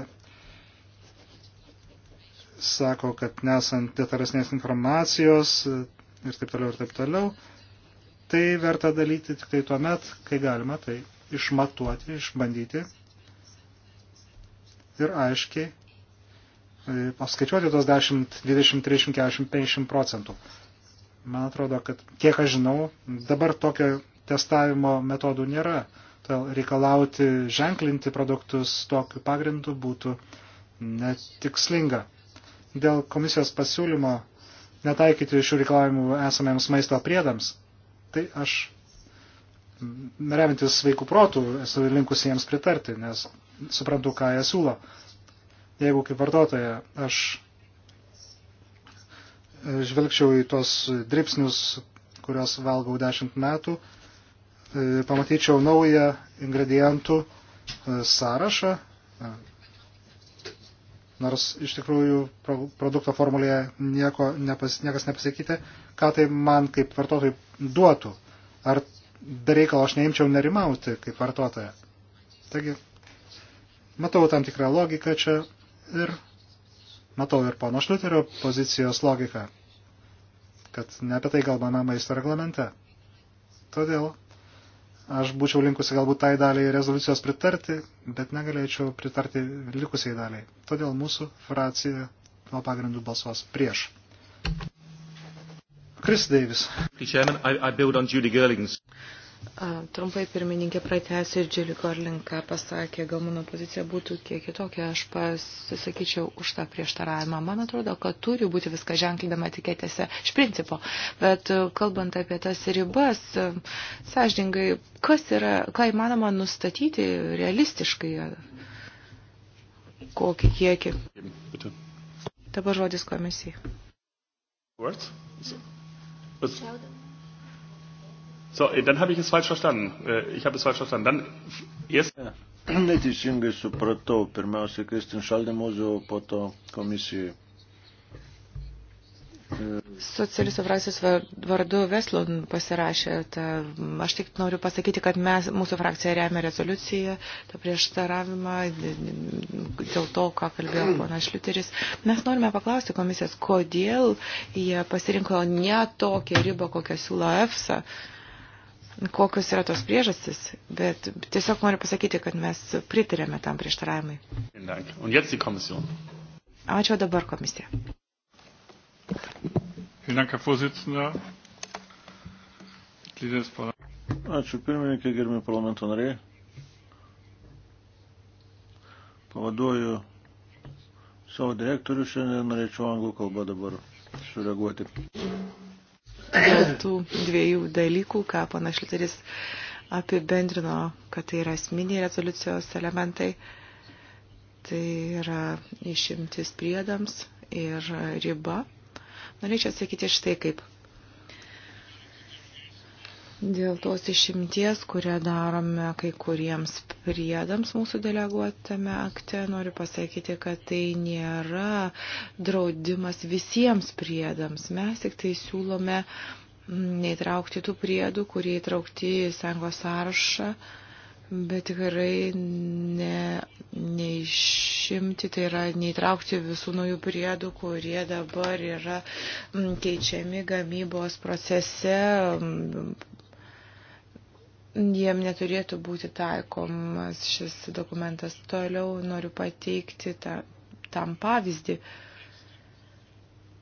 sako, kad nesant detalesnės informacijos ir taip toliau ir taip toliau, tai verta dalyti tik tai tuo met, kai galima tai išmatuoti, išbandyti ir aiškiai e, paskaičiuoti tos 10, 20, 30, 40, 50 procentų. Man atrodo, kad kiek aš žinau, dabar tokio testavimo metodų nėra. Todėl reikalauti ženklinti produktus tokiu pagrindu būtų netikslinga dėl komisijos pasiūlymo netaikyti šių reikalavimų esamiems maisto priedams, tai aš remintis vaikų protų esu linkusi jiems pritarti, nes suprantu, ką jie siūlo. Jeigu kaip vartotoja aš žvelgčiau į tos dripsnius, kurios valgau dešimt metų, pamatyčiau naują ingredientų sąrašą, nors iš tikrųjų produkto formulėje nieko nepas, niekas nepasakyti, ką tai man kaip vartotojai duotų. Ar bereikalo aš neimčiau nerimauti kaip vartotoja. Taigi, matau tam tikrą logiką čia ir matau ir pono Šliuterio pozicijos logiką, kad ne apie tai kalbame maisto reglamente. Todėl Aš būčiau linkusi galbūt tai daliai rezoliucijos pritarti, bet negalėčiau pritarti likusiai daliai. Todėl mūsų frakcija nuo pagrindų balsuos prieš. Chris Davis. Trumpai pirmininkė pratęsė ir Džili Korlinka pasakė, gal mano pozicija būtų kiek kitokia, aš pasisakyčiau už tą prieštaravimą. Man atrodo, kad turi būti viską ženklidama etiketėse iš principo, bet e, kalbant apie tas ribas, e, sąžininkai, kas yra, ką įmanoma nustatyti realistiškai, e, kokį kiekį. Dabar žodis komisijai. Words? It's... It's... So, dann habe ich es falsch verstanden. Äh, ich habe es falsch verstanden. Dann äh, erst. [CLEARS THROAT] Neteisingai supratau, pirmiausia Kristin Šaldemozo, po to komisijai. Socialistų frakcijos vardu Veslon pasirašė. Ta, aš tik noriu pasakyti, kad mes, mūsų frakcija remia rezoliuciją, tą prieštaravimą dėl to, ką kalbėjo ponas Šliuteris. Mes norime paklausti komisijos, kodėl jie pasirinko ne tokią ribą, kokią siūlo EFSA. Uh, kokios yra tos priežastys, bet tiesiog noriu pasakyti, kad mes pritarėme tam prieštaravimui. Ačiū dabar komisija. Ačiū pirmininkai, gerbimi parlamento nariai. Pavaduoju savo direktorių šiandien, norėčiau anglų kalbą dabar sureaguoti dėl tų dviejų dalykų, ką pana Šliteris apibendrino, kad tai yra asmeniai rezoliucijos elementai. Tai yra išimtis priedams ir riba. Norėčiau atsakyti štai kaip dėl tos išimties, kurią darome kai kuriems priedams mūsų deleguotame akte, noriu pasakyti, kad tai nėra draudimas visiems priedams. Mes tik tai siūlome neįtraukti tų priedų, kurie įtraukti į sąjungos sąrašą, bet tikrai ne, neišimti, tai yra neįtraukti visų naujų priedų, kurie dabar yra mm, keičiami gamybos procese jiem neturėtų būti taikomas šis dokumentas. Toliau noriu pateikti tą, tam pavyzdį.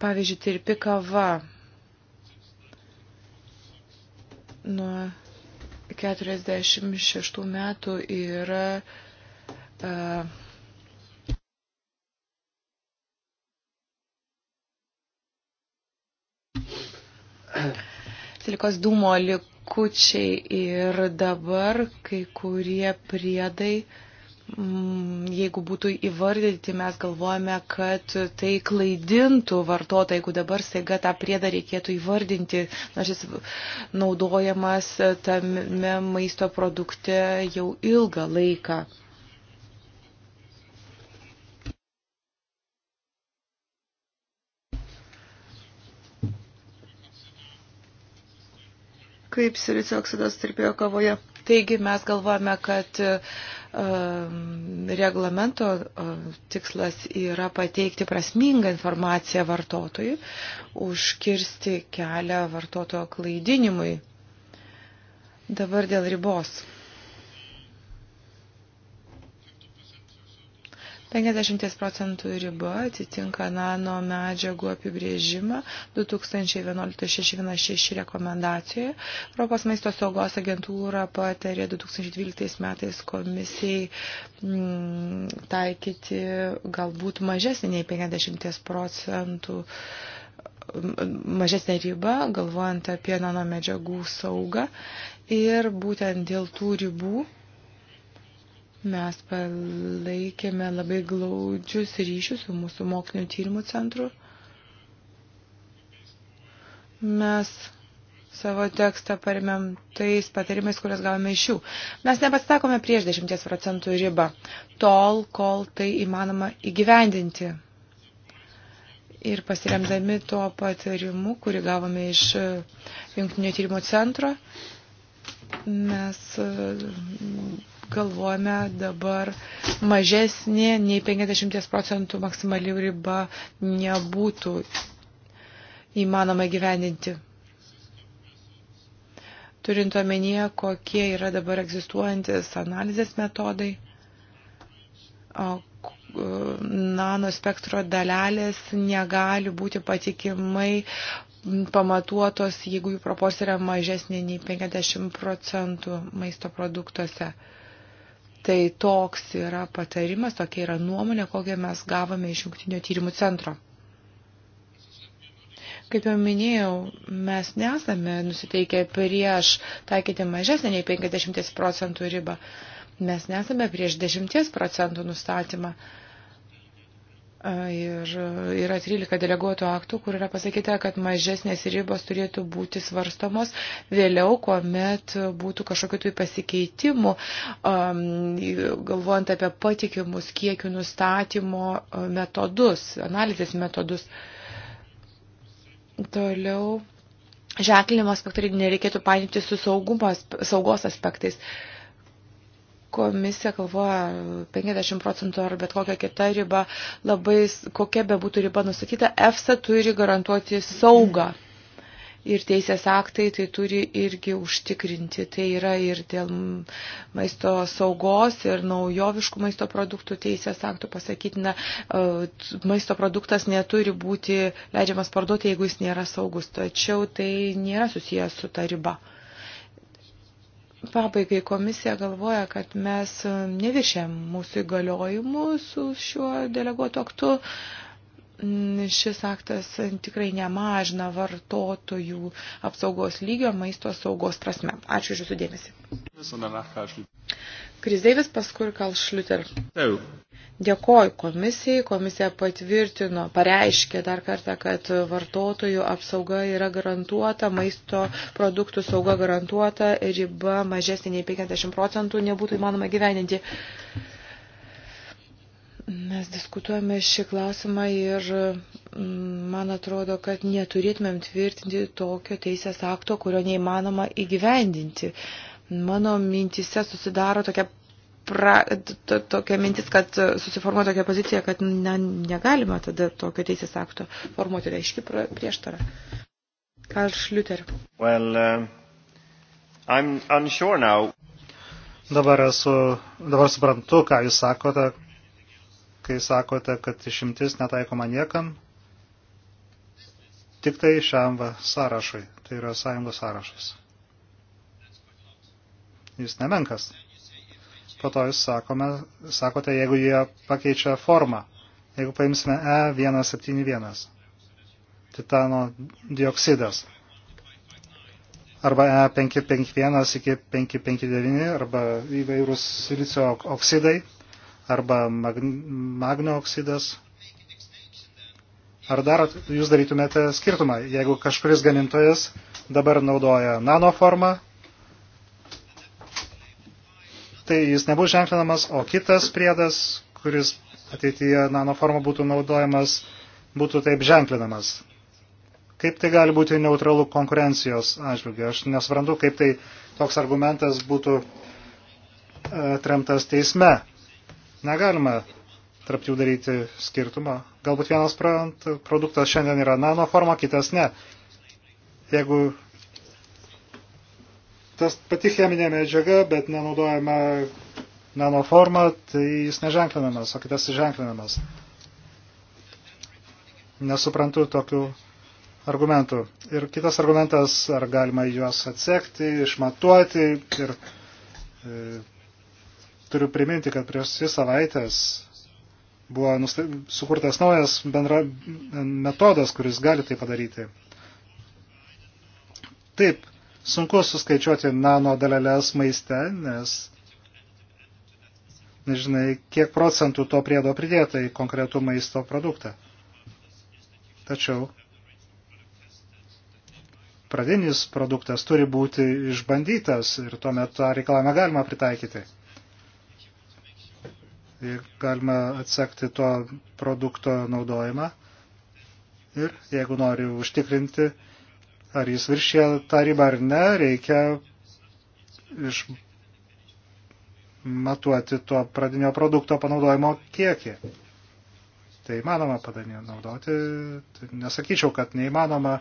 Pavyzdžiui, tirpi kava nuo 46 metų yra uh, silikos dūmo likučiai ir dabar kai kurie priedai mm, jeigu būtų įvardyti, mes galvojame, kad tai klaidintų vartotoją, jeigu dabar staiga tą priedą reikėtų įvardinti, nors jis naudojamas tame maisto produkte jau ilgą laiką. kaip silicio oksidas tirpėjo kavoje. Taigi mes galvojame, kad um, reglamento um, tikslas yra pateikti prasmingą informaciją vartotojui, užkirsti kelią vartotojo klaidinimui. Dabar dėl ribos. 50 procentų riba atitinka nano medžiagų apibrėžimą 2011-616 rekomendacijoje. Europos maisto saugos agentūra patarė 2012 metais komisijai m, mm, taikyti galbūt mažesnį nei 50 procentų mm, mažesnė riba, galvojant apie nanomedžiagų saugą. Ir būtent dėl tų ribų Mes palaikėme labai glaudžius ryšius su mūsų mokinio tyrimų centru. Mes savo tekstą paremėm tais patarimais, kurias gavome iš jų. Mes nepastakome prieš 10 procentų ribą, tol, kol tai įmanoma įgyvendinti. Ir pasiremdami tuo patarimu, kurį gavome iš e, Junktinio tyrimo centro, mes galvojame dabar mažesnė nei 50 procentų maksimali riba nebūtų įmanoma gyveninti. Turint omenyje, kokie yra dabar egzistuojantis analizės metodai, nano spektro dalelės negali būti patikimai pamatuotos, jeigu jų proporcija yra mažesnė nei 50 procentų maisto produktuose. Tai toks yra patarimas, tokia yra nuomonė, kokią mes gavome iš jungtinio tyrimų centro. Kaip jau minėjau, mes nesame nusiteikę prieš taikyti mažesnę nei 50 procentų ribą. Mes nesame prieš 10 procentų nustatymą. Ir yra 13 deleguotų aktų, kur yra pasakyta, kad mažesnės ribos turėtų būti svarstomos vėliau, kuomet būtų kažkokiu tai pasikeitimu, galvojant apie patikimus kiekių nustatymo metodus, analizės metodus. Toliau, ženklinimo aspektai nereikėtų painti su saugumos, saugos aspektais. Uh, komisija galvoja 50 procentų ar bet kokia kita riba, labai kokia be būtų riba nustatyta, EFSA turi garantuoti saugą. Ir teisės aktai tai turi irgi užtikrinti. Tai yra ir dėl maisto saugos ir naujoviškų maisto produktų teisės aktų pasakytina, e, maisto produktas neturi būti leidžiamas parduoti, jeigu jis nėra saugus. Tačiau tai nėra susijęs su ta riba. Mhm. Pabaigai komisija galvoja, kad mes neviršėm mūsų įgaliojimų su šiuo deleguotu aktu. Šis aktas tikrai nemažina vartotojų apsaugos lygio maisto saugos prasme. Ačiū iš jūsų dėmesį. Kris Deivis, paskui Karl Schlüter. Dėkoju komisijai, komisija patvirtino, pareiškė dar kartą, kad vartotojų apsauga yra garantuota, maisto produktų sauga garantuota, riba mažesnė nei 50 procentų nebūtų įmanoma gyveninti. Mes diskutuojame šį klausimą ir mm, man atrodo, kad neturėtumėm tvirtinti tokio teisės akto, kurio neįmanoma įgyvendinti. Mano mintise susidaro tokia pra, to, tokia mintis, kad susiformuoja tokia pozicija, kad ne, negalima tada tokio teisės akto formuoti reiškia tai prieštara. Karl Schlüter. Well, uh, I'm unsure now. Dabar, esu, dabar suprantu, ką jūs sakote, kai sakote, kad išimtis netaikoma niekam, tik tai šiam sąrašui, tai yra sąjungos sąrašas. Jis nemenkas po to jūs sakome, sakote, jeigu jie pakeičia formą. Jeigu paimsime E171, titano dioksidas, arba E551 iki 559, arba įvairūs silicio oksidai, arba magnio oksidas. Ar dar jūs darytumėte skirtumą, jeigu kažkuris gamintojas dabar naudoja nanoformą, tai jis nebus ženklinamas, o kitas priedas, kuris ateityje nanoforma būtų naudojamas, būtų taip ženklinamas. Kaip tai gali būti neutralu konkurencijos atžvilgiu? Aš nesvarandu, kaip tai toks argumentas būtų e, atremtas teisme. Negalima tarp jų daryti skirtumą. Galbūt vienas produktas šiandien yra nanoforma, kitas ne. Jeigu tas pati cheminė medžiaga, bet nenaudojama nanoforma, tai jis neženklinamas, o kitas ženklinamas. Nesuprantu tokių argumentų. Ir kitas argumentas, ar galima juos atsekti, išmatuoti ir e, turiu priminti, kad prieš dvi savaitės buvo nusta, sukurtas naujas bendra metodas, kuris gali tai padaryti. Taip, Sunku suskaičiuoti nano dalelės maiste, nes nežinai, kiek procentų to priedo pridėta į konkretų maisto produktą. Tačiau pradinis produktas turi būti išbandytas ir tuomet tą reikalavimą galima pritaikyti. Ir galima atsekti to produkto naudojimą. Ir jeigu nori užtikrinti, ar jis viršė tą ribą ar ne, reikia išmatuoti to pradinio produkto panaudojimo kiekį. Tai įmanoma padanį naudoti, tai nesakyčiau, kad neįmanoma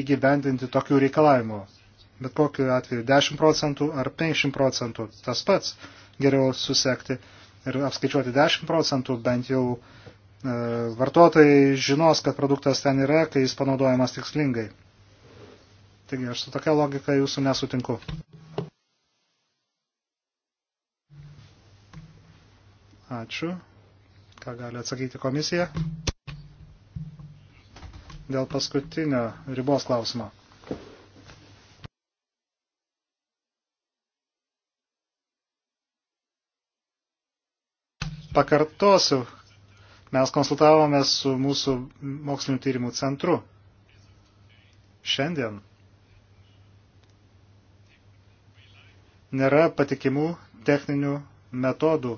įgyvendinti tokių reikalavimų. Bet kokiu atveju 10 procentų ar 50 procentų tas pats geriau susekti ir apskaičiuoti 10 procentų bent jau e, vartotojai žinos, kad produktas ten yra, kai jis panaudojamas tikslingai. Taigi aš su tokia logika jūsų nesutinku. Ačiū. Ką gali atsakyti komisija? Dėl paskutinio ribos klausimo. Pakartosiu, mes konsultavome su mūsų mokslinių tyrimų centru. Šiandien nėra patikimų techninių metodų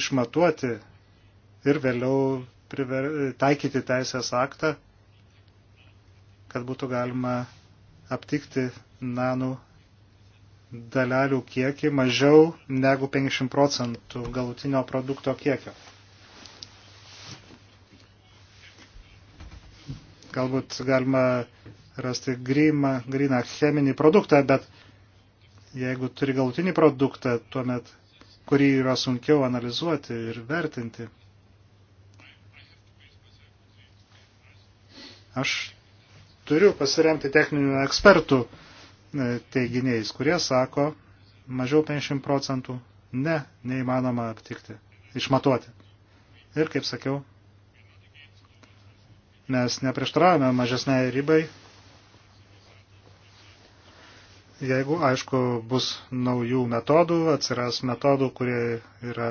išmatuoti ir vėliau priver... taikyti teisės aktą, kad būtų galima aptikti nanų dalelių kiekį mažiau negu 50 procentų galutinio produkto kiekio. Galbūt galima rasti grimą, griną cheminį produktą, bet jeigu turi galutinį produktą, tuomet, kurį yra sunkiau analizuoti ir vertinti. Aš turiu pasiremti techninių ekspertų e, teiginiais, kurie sako, mažiau 50 procentų ne, neįmanoma aptikti, išmatuoti. Ir kaip sakiau, mes neprieštaravome mažesnei ribai, Jeigu, aišku, bus naujų metodų, atsiras metodų, kurie yra,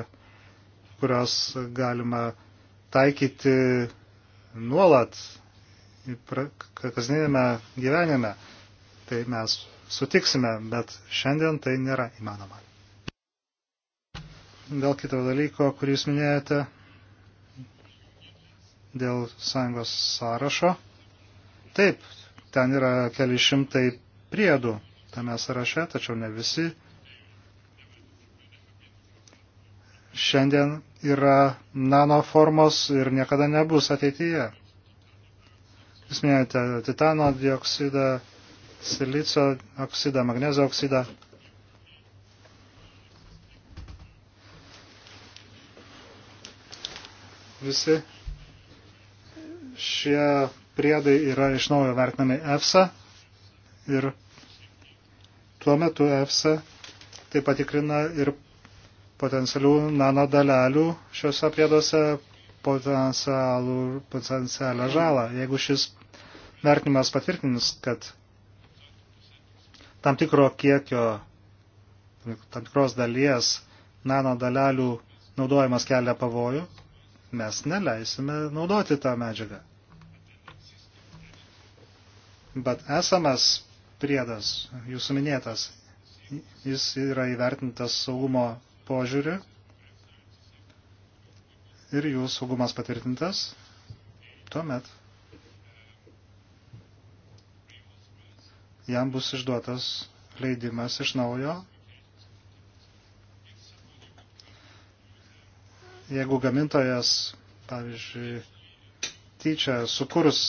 kurios galima taikyti nuolat kasdienėme gyvenime, tai mes sutiksime, bet šiandien tai nėra įmanoma. Dėl kito dalyko, kurį jūs minėjote, dėl sąjungos sąrašo. Taip, ten yra keli šimtai priedų tame sąraše, tačiau ne visi šiandien yra nano formos ir niekada nebus ateityje. Jūs minėjote titano dioksidą, silicio oksidą, magnezio oksidą. Visi šie priedai yra iš naujo vertinami EFSA ir Tuo metu EFSA taip patikrina ir potencialių nanodalelių šiuose prieduose potencialią žalą. Jeigu šis vertinimas patvirtins, kad tam tikro kiekio, tam tikros dalies nanodalelių naudojimas kelia pavojų, mes neleisime naudoti tą medžiagą. Bet esamas priedas, jūsų minėtas. Jis yra įvertintas saugumo požiūriu ir jų saugumas patvirtintas. Tuomet jam bus išduotas leidimas iš naujo. Jeigu gamintojas, pavyzdžiui, tyčia sukurs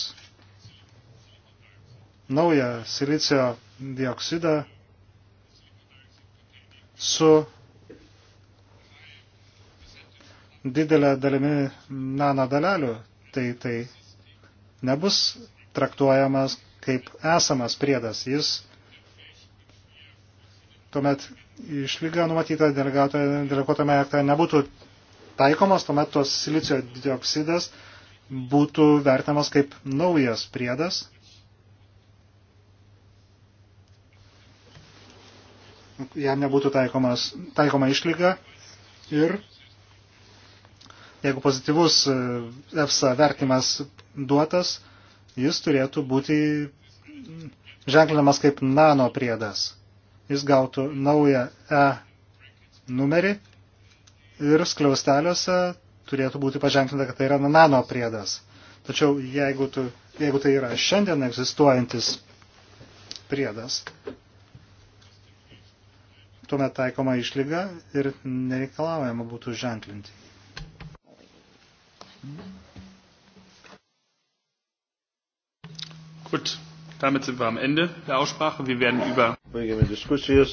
naują silicio dioksidą su didelė dalimi nanodalelių, tai tai nebus traktuojamas kaip esamas priedas. Jis tuomet išlyga numatyta deleguotame akte nebūtų taikomas, tuomet tos silicio dioksidas būtų vertinamas kaip naujas priedas jam nebūtų taikomas, taikoma išlyga ir jeigu pozityvus e, EFSA vertimas duotas, jis turėtų būti ženklinamas kaip nano priedas. Jis gautų naują E numerį ir skliausteliuose turėtų būti paženklinta, kad tai yra nano priedas. Tačiau jeigu, tu, jeigu tai yra šiandien egzistuojantis priedas, tuomet taikoma išlyga ir nereikalaujama būtų ženklinti. Gut, damit sind wir am Ende der Aussprache. Wir werden über. Baigiame diskusijas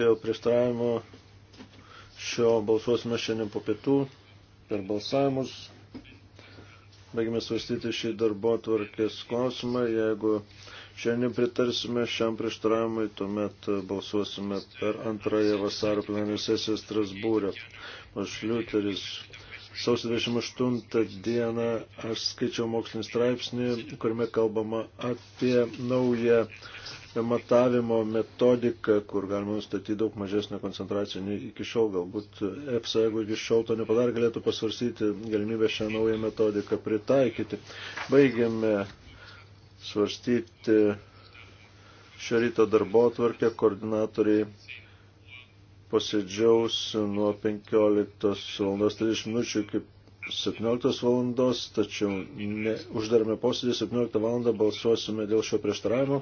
dėl prieštaravimo šio balsuosime šiandien po pietų per balsavimus. Baigiame svarstyti šį darbo tvarkės klausimą. Jeigu Šiandien pritarsime šiam prieštaravimui, tuomet balsuosime per antrąją vasario plenarinę sesiją Strasbūrę. Aš Liuteris. Sausio 28 dieną aš skaičiau mokslinį straipsnį, kuriame kalbama apie naują matavimo metodiką, kur galima nustatyti daug mažesnę koncentraciją nei iki šiol. Galbūt EFSA, jeigu iki šiol to nepadarė, galėtų pasvarsyti galimybę šią naują metodiką pritaikyti. Baigėme svarstyti šio ryto darbo tvarkę. Koordinatoriai posėdžiaus nuo 15.30 minučių iki 17 valandos, tačiau ne, uždarame posėdį 17 valandą balsuosime dėl šio prieštaravimo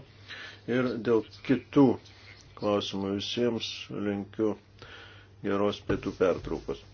ir dėl kitų klausimų. Visiems linkiu geros pietų pertraukos.